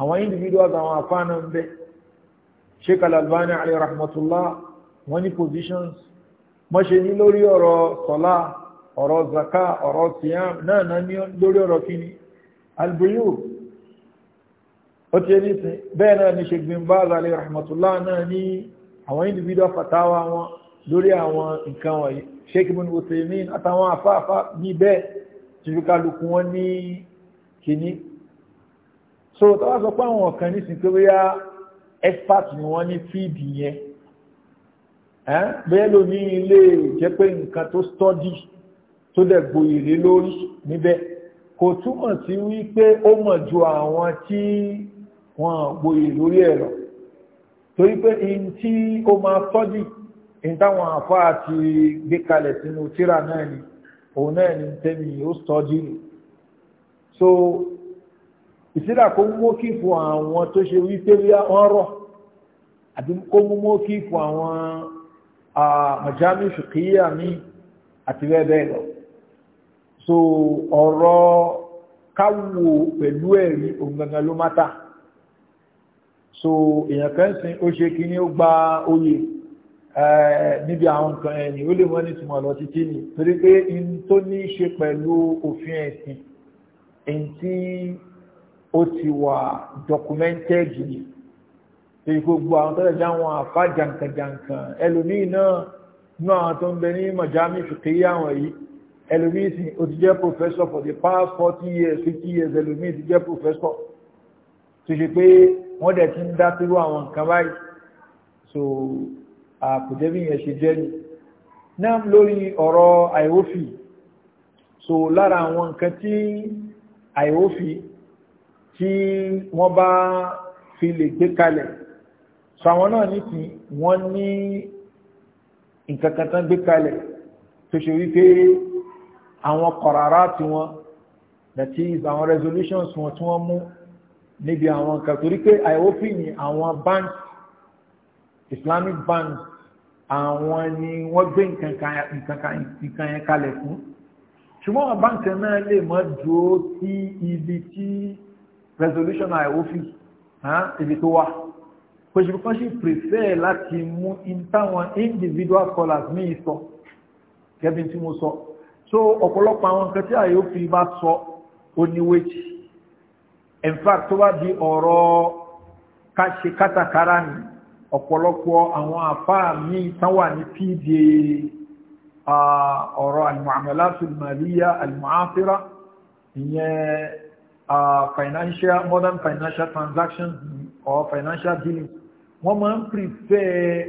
Speaker 1: àwọn individuals àwọn àfáànà ń bẹ Sheikh Al-Albani alayhi rahmatullah wọ́n ní positions mọ́ ṣe ní lórí ọ̀rọ̀ sọ́lá ọ̀rọ̀ zaka ọ̀rọ̀ siyam náà náà ní lórí ọ̀rọ̀ kíni albuyu ó ti ní sí bẹ́ẹ̀ náà ní Sheikh Bin Baz alayhi rahmatullah náà ní àwọn individual fatawa wọn lórí àwọn nǹkan wọ̀nyí Sheikh Ibn Uthaymeen àtàwọn afáfá ní bẹ́ẹ̀ tìbí kálukú wọn ní kìíní so tó bá sọ pé àwọn kan ní sin pé bóyá expert ni wọ́n ní fíìdì yẹn bẹ́ẹ̀ ló ní ilé jẹ́ pé nǹkan tó study tó dẹ̀ gboyè lé lórí níbẹ̀ kò túmọ̀ sí wípé ó mọ̀ ju àwọn tí wọ́n gboyè lórí ẹ̀ lọ torí pé in tí ó máa study in táwọn àfáà ti gbé kalẹ̀ sínú tíra náà ni òun náà ni tẹ́mi ó sọ́jú rẹ̀ so ìsílà kó mú kí fún àwọn tó ṣe wípé wọ́n rọ̀ àti kó mú kí fún àwọn mọ̀jámí ṣùkìyà mi àti bẹ́ẹ̀ bẹ́ẹ̀ lọ so ọ̀rọ̀ káwo pẹ̀lú ẹ̀rí òun ló má ta so èèyàn kan sin ó ṣe kí ni ó gba oyè. Eh, níbi àwọn nǹkan ẹni ó lè wọ́n ní túnmọ̀ lọ títí ni torí pé in tó ní ṣe pẹ̀lú òfin ẹ̀sìn in tí ó ti wà documented ni èyí gbogbo àwọn tó lẹ́jà wọn àfá jankan ẹlòmíì náà nú àwọn tó ń bẹ ní mọ̀jámì fìkìrí àwọn yìí ẹlòmíì sì ó ti jẹ́ professor for the past forty years fifty years ẹlòmíì ti jẹ́ professor tó ṣe pé wọ́n dẹ̀ ti ń dá sírú àwọn nǹkan báyìí so àkùjẹ́bí yẹn ṣe jẹ́ ni náà lórí ọ̀rọ̀ àìwófì so lára àwọn nǹkan tí àìwófì tí wọ́n bá fi lè gbé kalẹ̀ so àwọn náà ní ti wọ́n ní nǹkan kan tán gbé kalẹ̀ tó ṣe wípé àwọn kọ̀ràrá tí wọ́n that is àwọn resolutions wọn tí wọ́n mú níbi àwọn nǹkan torí pé àìwófì ni àwọn banks Islamic banks àwọn ni wọ́n gbé nǹkan kan yẹn kalẹ̀ fún ṣùgbọ́n àwọn báńkì náà lè mọ́ dúró sí ibi tí resolution àìwò fi ibi tó wà kòṣìbìkan sì prefer láti mú ìtàwọn individual callers, ní ìsọ gẹ́bí tí mo sọ so ọ̀pọ̀lọpọ̀ àwọn nǹkan tí àìwò fi bá sọ oníwèjì in fact tó bá di ọ̀rọ̀ káṣe kátàkárá nìí ọ̀pọ̀lọpọ̀ àwọn àfáà mi tán wà ní pda ọ̀rọ̀ al-mu'amalatul maliyya al-mu'asira ìyẹn financial modern financial transactions or financial dealings wọ́n máa ń pèfẹ́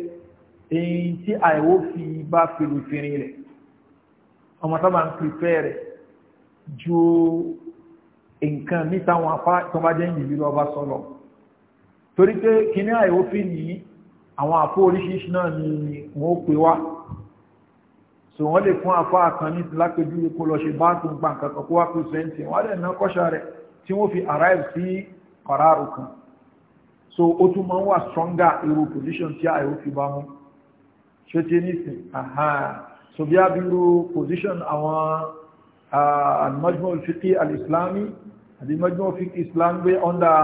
Speaker 1: èyí tí àìwó fi bá fèrèfèrè rẹ̀ ọmọ sábà ń pèfẹ́ rẹ̀ ju nǹkan níta wọn apá tó bá jẹ́ ìyìnbí lọ́ba sọ́lọ̀ torí pé kíní àìwó fi nìyí àwọn àpò oríṣiríṣi náà ni wọ́n pè wá so wọ́n lè fún àpá kan ní lápẹjú kó lọ ṣe bá tó ń nǹkan kan wá pé sẹ́ǹtì wọ́n lè ná kọ́ṣà rẹ̀ tí wọ́n fi arrive sí kọ̀ráàrù kan so ó tún máa ń wà stronger irú position tí àìrò fi bá mú ṣé tí nísìn so bí abiru position àwọn alimọ́júmọ́ fiqi al-islami alimọ́júmọ́ fiqi islam gbé under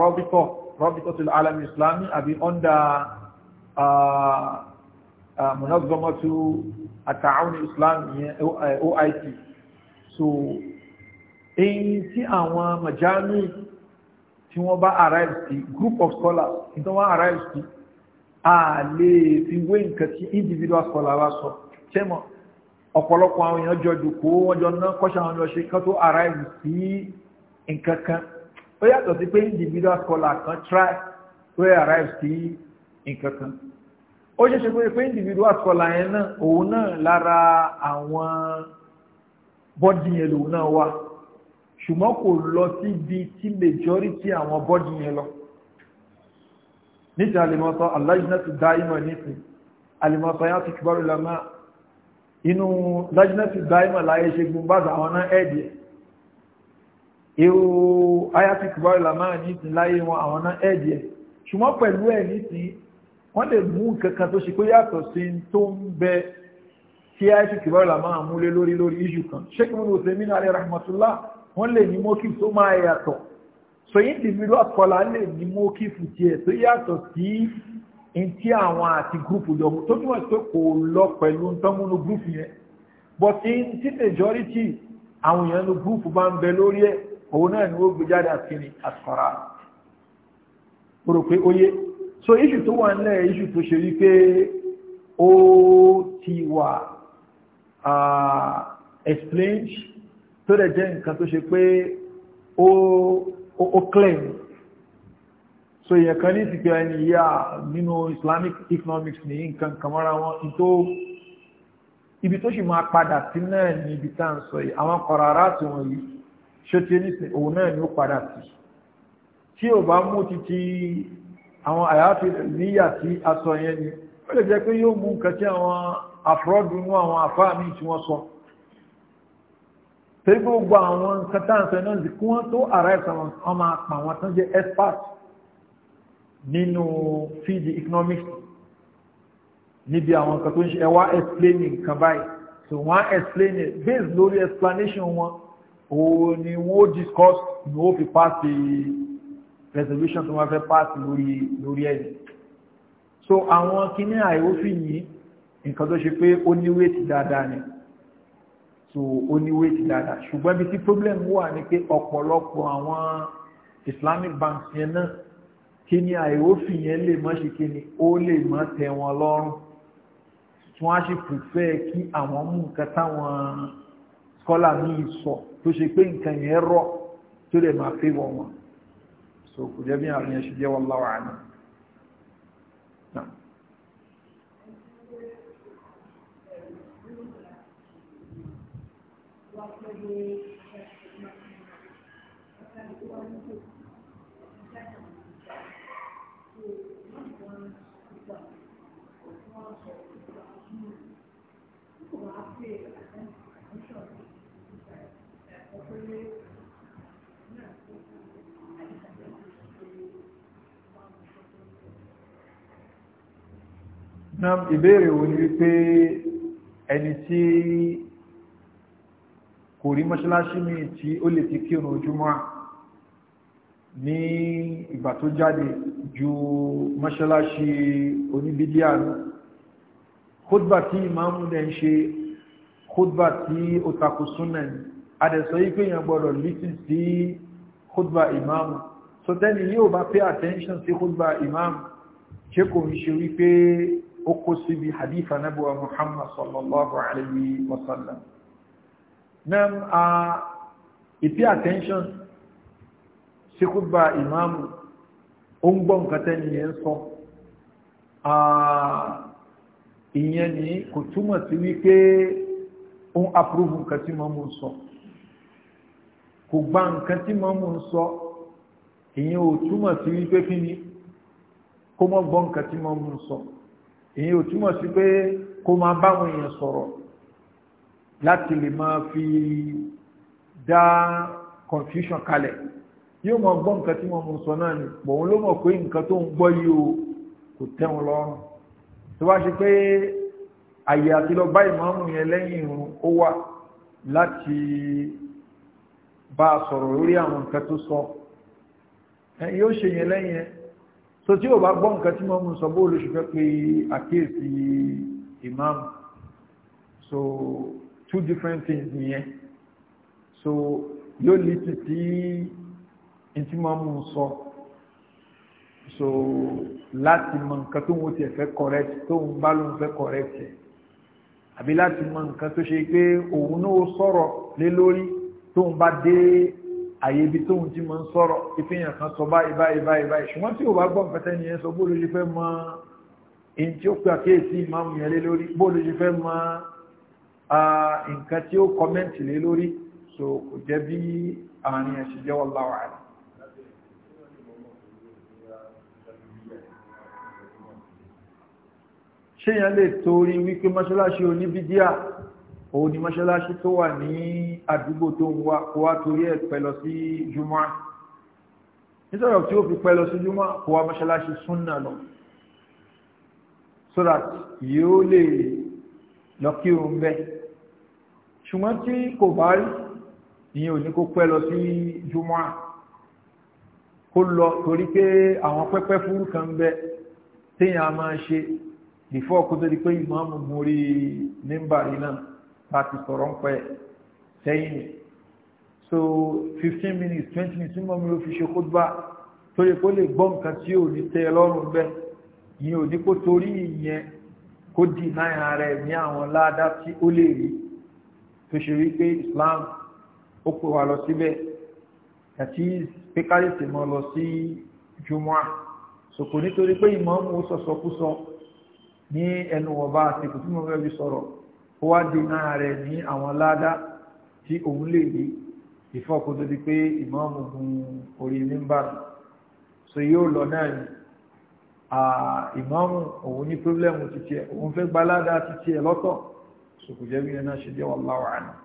Speaker 1: rọ́bítọ̀ Rabitatul Alam Islami àbí under uh, uh, Munazzamatu At-Ta'awun Islami yẹn OIT so èyí tí àwọn majalu tí wọ́n bá arrive the group of scholars tí wọ́n arrive sí a lè fi wé nǹkan tí individual scholar wá sọ tẹ́mọ̀ ọ̀pọ̀lọpọ̀ àwọn èèyàn jọ dùkú wọ́n jọ ná kọ́ṣà wọn lọ ṣe kán tó arrive sí nǹkan kan ó yàtọ̀ sí pé individual scholar kan try to arrive sí nǹkan kan ó ṣeéṣe pé pé individual scholar yẹn náà òun náà lára àwọn bọ́dì yẹn lòun náà wà ṣùgbọ́n kò lọ síbi tí majority àwọn bọ́dì yẹn lọ níta àlèmọ́tọ́ aláìsínàtì dáìmọ̀ níta àlèmọ́tọ́ yá ti kìbọ́rù lámà inú láìsínàtì dáìmọ̀ láyé ṣe gbùnbàzà àwọn náà ẹ̀dì ẹ̀ èrò ayatik bọ́ọ̀lá máa ní ìsìn láyé wọn àwọn náà ẹ̀dì ẹ̀ ṣùgbọ́n pẹ̀lú ẹ̀ nítìí wọ́n lè mú kankan tó ṣe pé yàtọ̀ sí tó ń bẹ tí ayatik bọ́ọ̀lá máa múlé lórí lórí iṣu kan ṣékùn ló tẹ̀mí náà rahmatullah wọ́n lè ní mọ́kì tó máa yàtọ̀ so individual àkọlà lè ní mọ́kì fùtiẹ̀ tó yàtọ̀ sí in tí àwọn àti gúrùpù jọmọ tó túmọ̀ sí kò lọ pẹ̀lú ntọ́múnú gúrùpù yẹn but in majority àwọn èèyàn ní gúrùpù bá ń bẹ lórí ẹ̀ òun náà ni ó gbé jáde àkíní àkọ́rà rò pé ó yé so iṣu tó wà nílẹ̀ iṣu tó ṣe wípé ó ti wà explained tó dẹ̀ jẹ́ nǹkan tó ṣe pé ó claim so èèyàn kan ní ti pé ẹni yá nínú Islamic economics ní nǹkan kàmọ́ra wọn tó ibi tó sì máa padà sí náà ní ibi tá à ń sọ yìí àwọn kọ̀rọ̀ ará tí wọ́n ṣótí nísìn òun náà ni ó padà sí tí ò bá mú títí àwọn àyàfi níyà tí a sọ yẹn ni ó lè jẹ́ pé yóò mú nǹkan tí àwọn afrọ́dùnú àwọn àfáà míì tí wọ́n sọ pé gbogbo àwọn nǹkan táǹsẹ̀ náà sì kí wọ́n tó ara ẹ̀sán wọn máa pa àwọn tán jẹ́ expert nínú fíìdì economics níbi àwọn nǹkan tó ń ṣe ẹwà explaining nǹkan báyìí so wọ́n explain it based lórí explanation wọn òun ni wọ́n discuss ní ó fi pàtì resolution tó wọ́n fẹ́ pàtì lórí lórí ẹ̀yìn so àwọn kíní àìwófin yìí nǹkan tó ṣe pé ó ní wéètì dáadáa ni so ó ní wéètì dáadáa ṣùgbọ́n ibi tí problem wà ní pé ọ̀pọ̀lọpọ̀ àwọn islamic banks yẹn náà kíní àìwófin yẹn lè má ṣe kíní ó lè má tẹ́ wọn lọ́rùn tí wọ́n á ṣe prefer kí àwọn mú nǹkan táwọn kọ́lá ní ìsọ̀ tó ṣe pé nǹkan yẹn rọ̀ tó lè máa fẹ́ wọ̀ wọn so kò jẹ́ bí àrùn yẹn jẹ́ wọn láwàá náà Thank you. náà ìbéèrè wo ni wípé ẹni tí kò rí mọ́ṣáláṣí mi tí ó lè ti kírun ojúmọ́ ní ìgbà tó jáde ju mọ́ṣáláṣí oníbídíà lọ khutba tí ìmáàmù dẹ̀ ń ṣe khutba tí ó takò súnà ní adẹ̀sọ yí pé èèyàn gbọ́dọ̀ listen sí khutba ìmáàmù so tẹ́ni yóò bá pay attention sí khutba ìmáàmù ṣé kò ń ṣe wípé ó kó síbi hadith anábúwa muhammad sallallahu alayhi wa sallam náà a ìpí attention sí kúgbà ìmáàmù ó ń gbọ́ nǹkan tẹ́ni yẹn sọ ìyẹn ni kò túmọ̀ sí wípé ó ń approve nǹkan tí mọ́mú sọ kò gba nǹkan tí mọ́mú sọ ìyẹn ò túmọ̀ sí wípé kí ni kó mọ́ gbọ́ nǹkan tí mọ́mú sọ. So ìyẹn ò túmọ̀ sí pé kó máa báwọn èèyàn sọ̀rọ̀ láti lè máa fi dá confusion kalẹ̀ yóò máa gbọ́ nǹkan tí wọ́n mú sọ náà ni pọ̀ òun ló mọ̀ pé nǹkan tó ń gbọ́ yìí o kò tẹ́ wọn lọ́rùn tó bá ṣe pé àyè àti lọ bá ìmáàmù yẹn lẹ́yìn ìrun ó wà láti bá a sọ̀rọ̀ lórí àwọn nǹkan tó sọ yóò ṣe yẹn lẹ́yìn yẹn so tí o bá gbọ́ nǹkan tí mo mú sọ bó ló ṣe fẹ́ pé àkíyèsí imam so two different things nìyẹn so yóò lè ti tí ntí mo mú sọ so láti mọ nǹkan tó ń wo tiẹ̀ fẹ́ correct tó ń bá ló ń fẹ́ correct ẹ̀ àbí láti mọ nǹkan tó ṣe pé òun náà sọ̀rọ̀ lé lórí tó ń bá dé àyè ibi tóun ti máa ń sọ̀rọ̀ ìfihàn kan sọ báyìí báyìí báyìí báyìí ṣùgbọ́n tí ò bá gbọ́ nǹkan tẹ́ni yẹn sọ bó ló ṣe fẹ́ mọ in tí ó pe àkíyèsí ìmáàmù yẹn lé lórí bó ló ṣe fẹ́ mọ nǹkan tí ó kọ́mẹ́ǹtì lé lórí so kò jẹ́ bí àárín ẹ̀sìn jẹ́ wallahu a'lam. ṣéyàn lè torí wípé mọ́ṣáláṣí oníbídíà òun ni mọ́ṣáláṣí tó wà ní àdúgbò tó ń wá kó wá torí ẹ̀ pẹ́ lọ sí jùmọ́ nítorí tí ó fi pẹ́ lọ sí jùmọ́ kó wá mọ́ṣáláṣí súnà lọ so that yóò lè lọ kí òun bẹ́ ṣùgbọ́n tí kò bá rí ìyẹn ò ní kó pẹ́ lọ sí jùmọ́ kó lọ torí pé àwọn pẹ́pẹ́ fúrú kan bẹ téèyàn máa ṣe before kó tó di pé ìmáàmù mórí nímbàrí náà bá ti sọ̀rọ̀ ń pẹ́ sẹ́yìn so fifteen minutes twenty minutes mímọ́ mi ló fi ṣe kódùbà torí kó lè gbọ́ nǹkan tí ò ní tẹ́ ẹ lọ́rùn bẹ́ẹ̀ ìyẹn ò ní kó torí ìyẹn kó dì náírà rẹ̀ ní àwọn ládàá tí ó lè rí tó ṣe rí pé Islam ó pè wá lọ síbẹ̀ àti pé káyọ̀tì mọ́ lọ sí jùmọ́à sòkò nítorí pé ìmọ̀ọ́mù sọ̀sọ̀kúsọ ní ẹnu ọba àti kùtùmọ̀ fẹ́ fi sọ̀rọ̀ kó wá dènà rẹ̀ ní àwọn ládá tí òun lè rí ìfọ́kúndó di pé ìmáàmù gun orí mímbà so yóò lọ náà ni ìmáàmù òun ní pírọ́blẹ́mù títí ẹ̀ òun fẹ́ gbaládá títí ẹ̀ lọ́tọ̀ so bí ẹ náà ṣe jẹ́ wallahu a'lam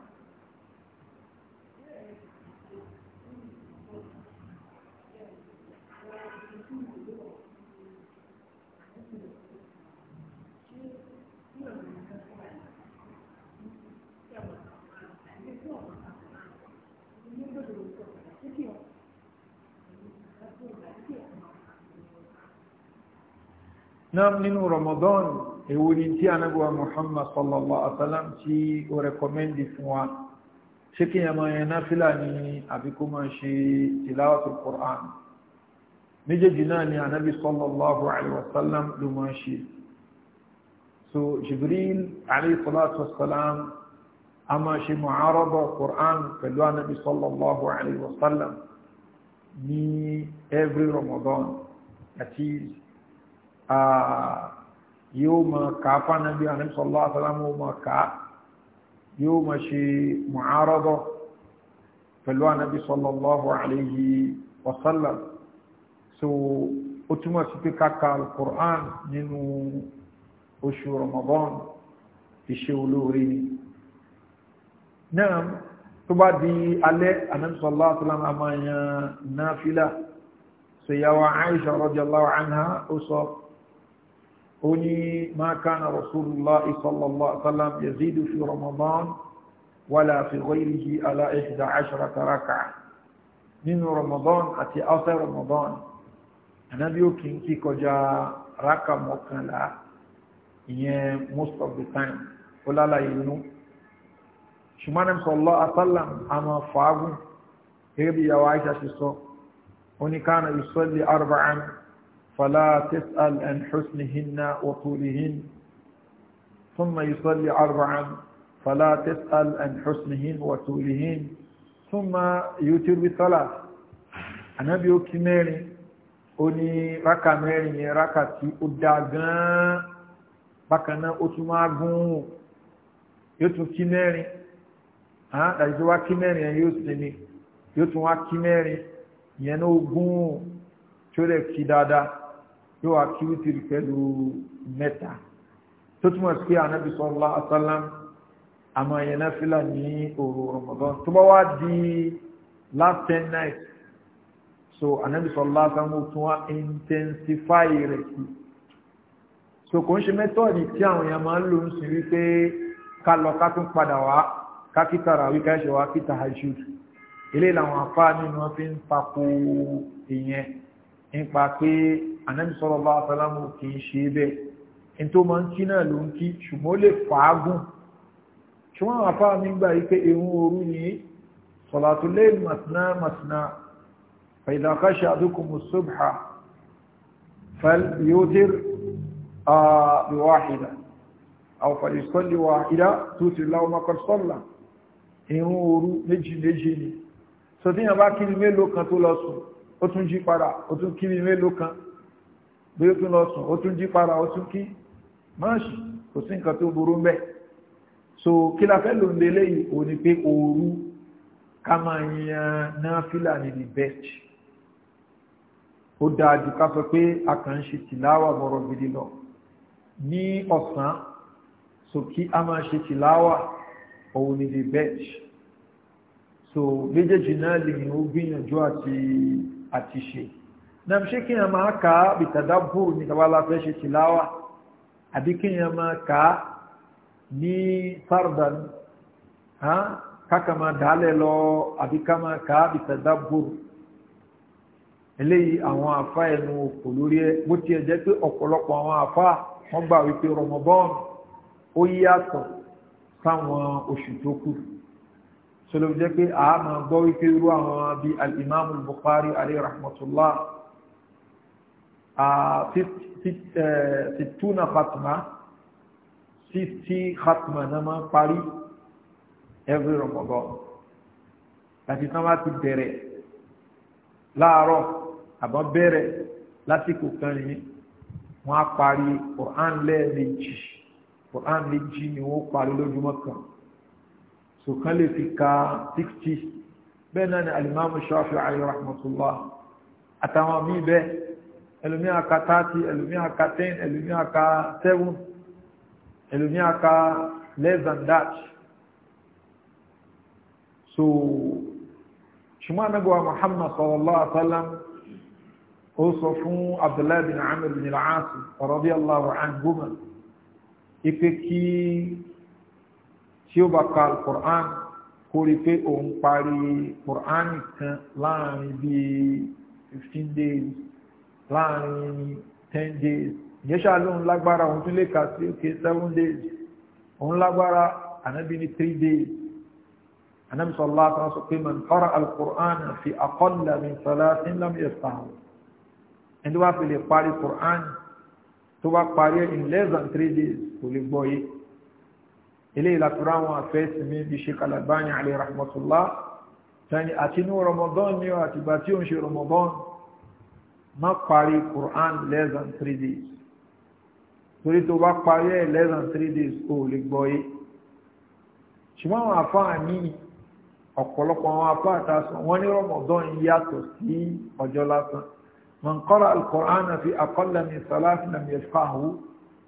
Speaker 1: náà nínú Ramadan èwo ni tí anábíwá Muhammad sallallahu alaihi wasallam tí ó rẹkọmẹ́ndì fún wa ṣé kí ẹmọ yẹn náfílà ní àbí kó máa ṣe tìláwàtò Qur'an méjèèjì náà ni anábí sallallahu alaihi wasallam ló máa ṣe so Jibril alaihi salatu wasalam a máa ṣe Qur'an pẹ̀lú anábí sallallahu alaihi wasallam ní every Ramadan that is yóò mọ̀ ká fánàbí àníṣọ́lá àtàlámù mọ̀ ká yóò mọ̀ ṣe mọ̀árọ́bọ̀ pẹ̀lú ànábì sallallahu alayhi wa sallam so ó túnmọ̀ sí pé káka al-Qur'an nínú oṣù Ramadan iṣẹ́ olóore ni náà tó bá di alẹ́ ànábì sallallahu alayhi wa sallam àmàyàn náà fílà sèyàwó Aisha radiyallahu anha ó sọ أني ما كان رسول الله صلى الله عليه وسلم يزيد في رمضان ولا في غيره على إحدى عشرة ركعة من رمضان أتي أثر رمضان أنا بيوكين كي كجا ركع مكان لا most of the time ولا لا ينو شو شمانم صلى الله عليه وسلم أما فاغو هي بيا عائشة شو أني كان يصلي أربعا فلا تسأل عن حسنهن وطولهن ثم يصلي أربعا فلا تسأل عن حسنهن وطولهن ثم يوتر بثلاث النبي كمالي oni raka mẹ́rin yẹn raka tí ó dá gan-an bákan náà ó tún máa gún yóò tún kí mẹ́rin àdájú tó wá kí mẹ́rin yẹn yóò sinmi yóò tún wá kí mẹ́rin yẹn náà ó gún tí ó lè kí dáadáa yóò wá kí wítìrì pẹ̀lú mẹ́ta tó túmọ̀ sí ànábì sallallahu alaihi àmọ́ ẹ̀yẹn fílà ní òru Ramadan tó bá wá di last ten night, so ànábì sallallahu alaihi wasallam tún wá intensify rẹ̀ sí so kò ń ṣe mẹ́tọ́ọ̀dì tí àwọn èèyàn máa ń lò ń sìn wípé ká lọ ká tún padà wá ká kí tarawih ká ṣe wá kí tahajjud ilé làwọn afáà nínú wọn fi ń papò ìyẹn nípa pé anábì sallallahu alaihi wasallam kì í ṣe bẹ́ẹ̀ in tó máa ń kí náà ló ń kí ṣùgbọ́n ó lè fàágùn ṣùgbọ́n àwọn afá mi gbà yí pé irun òru ni salatu layl masna masna fa idha khashiya ahadukumu subha فليوتر آه بواحدة أو فليصلي واحدة توتر له ما قد صلى ìrúnrú méjì méjì ni so tí yàn bá kí ní mélòó kan tó lọ sùn ó bí ó tún lọ sùn ó tún jí para ó tún kí máàṣì kò sí nǹkan tó burú ń so kí la fẹ́ ló ń délé yìí ò ní pé òru ká máa yan náfìlà ní the best ó dáa jù ká sọ pé a kàn ń ṣe tìláwà bọ̀rọ̀ gidi lọ ní ọ̀sán so kí a máa ṣe tìláwà òun ni the best so méjèèjì náà lè ní ó gbìyànjú àti àti ṣe nam ṣé kí yẹn máa kà á bitadabur ní tabala fẹ́ ṣe tìláwà àbí kí yẹn máa kà á ní sardan káka máa dálẹ̀ lọ àbí ká máa kà á bitadabur eléyìí àwọn àfa ẹnu òkò lórí ẹ bó tiẹ̀ jẹ́ pé ọ̀pọ̀lọpọ̀ àwọn àfa wọ́n gbà wípé rọmọbọ́ọ̀nù ó yàtọ̀ sáwọn oṣù tó kù sọlọ́ jẹ́ pé àá máa gbọ́ wípé irú àwọn bíi al-imam alayhi rahmatullah sittuna ah, eh, khatma sixty khatma náà máa parí every Ramadan láti tán bá ti bẹ̀rẹ̀ láàárọ̀ àbọ̀ bẹ̀rẹ̀ lásìkò kan yìí wọ́n á parí Quran lẹ́ẹ̀mejì Quran méjì ni wọ́n parí lójúmọ́ kan sòkan lè fi ka sixty bẹ́ẹ̀ náà ni alimami Shafi'i alayhi rahmatullah àtàwọn míì bẹ́ẹ̀ ẹlòmí aka 30 ẹlòmí aka 10 ẹlòmí aka 7 ẹlòmí aka less than that so ṣùgbọ́n anábọ̀wà Muhammad sallallahu alaihi wasallam ó sọ fún Abdullahi bin Amr bin al-As radiyallahu anhuma ipe kí tí ó bá ka al-Qur'an kó rí pé òun parí Qur'an kan láàrin bí 15 days láàrin ten days ìyẹ́ṣà lóun lágbára òun tún lè kà sí òkè seven days òun lágbára ànábì ní three days ànábì sallallahu alaihi wasallam sọ pé man qara'a al-Qur'ana fi aqalla min thalathin lam yastahwi ẹni wá fi lè parí Qur'an tó bá parí in less than three days kò lè gbọ́ yé ilé ìlàtura àwọn afẹ́sì mi bí Sheikh Al-Albani alayhi rahmatullah tani àtinú Ramadan ni ó àtìgbà tí ó ń ṣe Ramadan má parí quran less than three days torí tó bá parí ẹ̀ less than three days kò lè gbọ́ yé ṣùgbọ́n àwọn afáà ní ọ̀pọ̀lọpọ̀ àwọn afáà ta sọ wọ́n ní rọmọdán yàtọ̀ sí ọjọ́ lásán man qara al-Qur'an fi aqalla min salati lam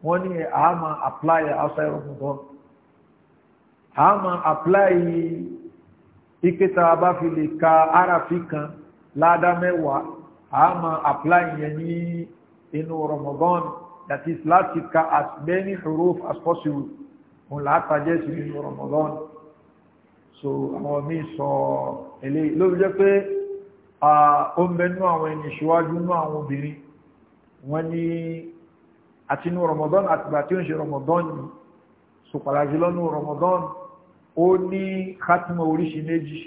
Speaker 1: wọ́n ní àmà apply outside rọmọdán àmà apply ìkẹta bá ka arafi kan ládàá mẹ́wàá ama apply yẹn inu Ramadan that is láti ka as many huruf as possible òun látàjẹ́ sí inú Ramadan so àwọn míì sọ eléyìí ló jẹ́ pé ó ń bẹnú àwọn ẹni ṣíwájú nú àwọn obìnrin wọ́n ní àtinú Ramadan ati tí ó ń ṣe Ramadan ni so pàtàkì lọ́nú Ramadan ó ní khatma oríṣi méjì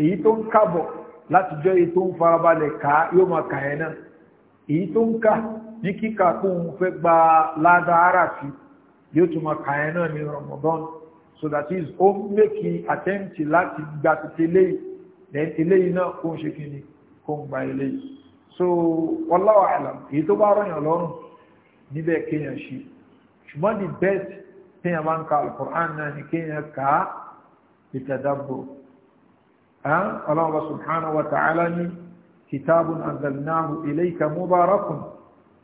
Speaker 1: èyí tó ń kábọ̀ láti jọ èyí tó ń farabalẹ̀ ká yóò máa kà ẹ̀ náà èyí tó ń ká ní kíkà kó ń fẹ́ gba ládà ara sí yóò tún máa kà ẹ̀ náà ní Ramadan so that is ó ń mékì attempt láti gba tètè léyìí then eléyìí náà kó ń ṣe kí ni kó ń gba eléyìí so wallahu a'lam èyí tó bá rọyàn lọ́rùn níbẹ̀ kéèyàn ṣe ṣùgbọ́n the best kéèyàn máa ń ka Al-Qur'an náà ni kéèyàn kà ìtẹ̀dábò ọlọ́wọ́ subhanahu wa ta'ala ni kitabun anzalnahu ilayka mubarakun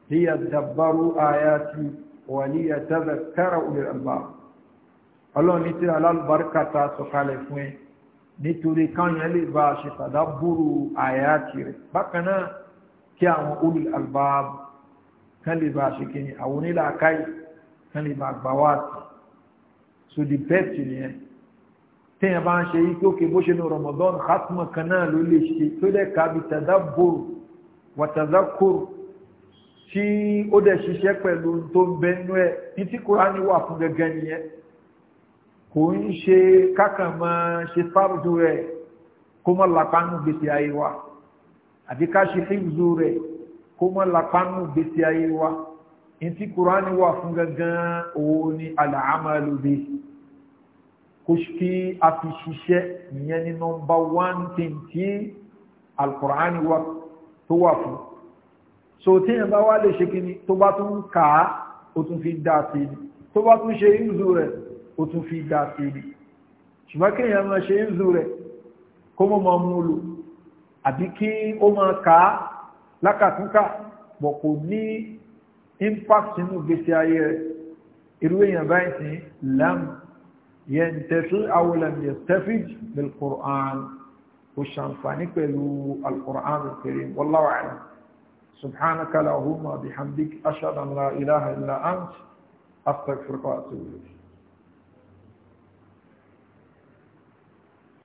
Speaker 1: hiya dabbaru ayati wa liyatadhakkara ulul albab ọlọ́run ní tí alálùbáríkà ta sọ̀kalẹ̀ fún ẹ nítorí káyàn lè bá a ṣe tàdábùrù àyàtì rẹ̀ bákan náà kí àwọn ulul albab kan lè bá a ṣe kìíní àwọn onílà káyì kan lè bá a gbà wá àti so the best nìyẹn téèyàn bá ń ṣe yí pé òkè bó ṣe ní Ramadan khatma kan náà ló lè ṣe tó dẹ̀ ka bi tadabbur wa tadhakkur tí ó dẹ̀ ṣiṣẹ́ pẹ̀lú tó ń bẹnú ẹ̀ ní tí Kùránì wà fún gẹ́gẹ́ nìyẹn kò ń ṣe kákan máa ṣe fárúdú rẹ̀ kó mọ́ lápánú gbèsè ayé wa àbí ká ṣe fíìmù rẹ̀ kó mọ́ lápánú gbèsè ayé wa ní tí wà fún gẹ́gẹ́ òun ni al-amalu kò kí a fi ṣiṣẹ́ ìyẹn ní nọmba one thing tí alukur'ani wa tó wà fún so tí yẹn bá wá lè ṣe kíni tó bá tún kà á ó tún fi dá sí ni tó bá tún ṣe ìzù rẹ̀ ó tún fi dá sí ni ṣùgbọ́n kí yẹn máa ṣe ìzù rẹ̀ kó mọ́ máa mú lò àbí kí ó máa kà lákàtúnkà bọ̀ kò ní impact nínú gbèsè ayé rẹ̀ irú èèyàn báyìí sí lámù ينتفي أو لم يستفد بالقرآن والشنفاني كلو القرآن الكريم والله أعلم سبحانك اللهم بحمدك أشهد أن لا إله إلا أنت أستغفرك وأتوب إليك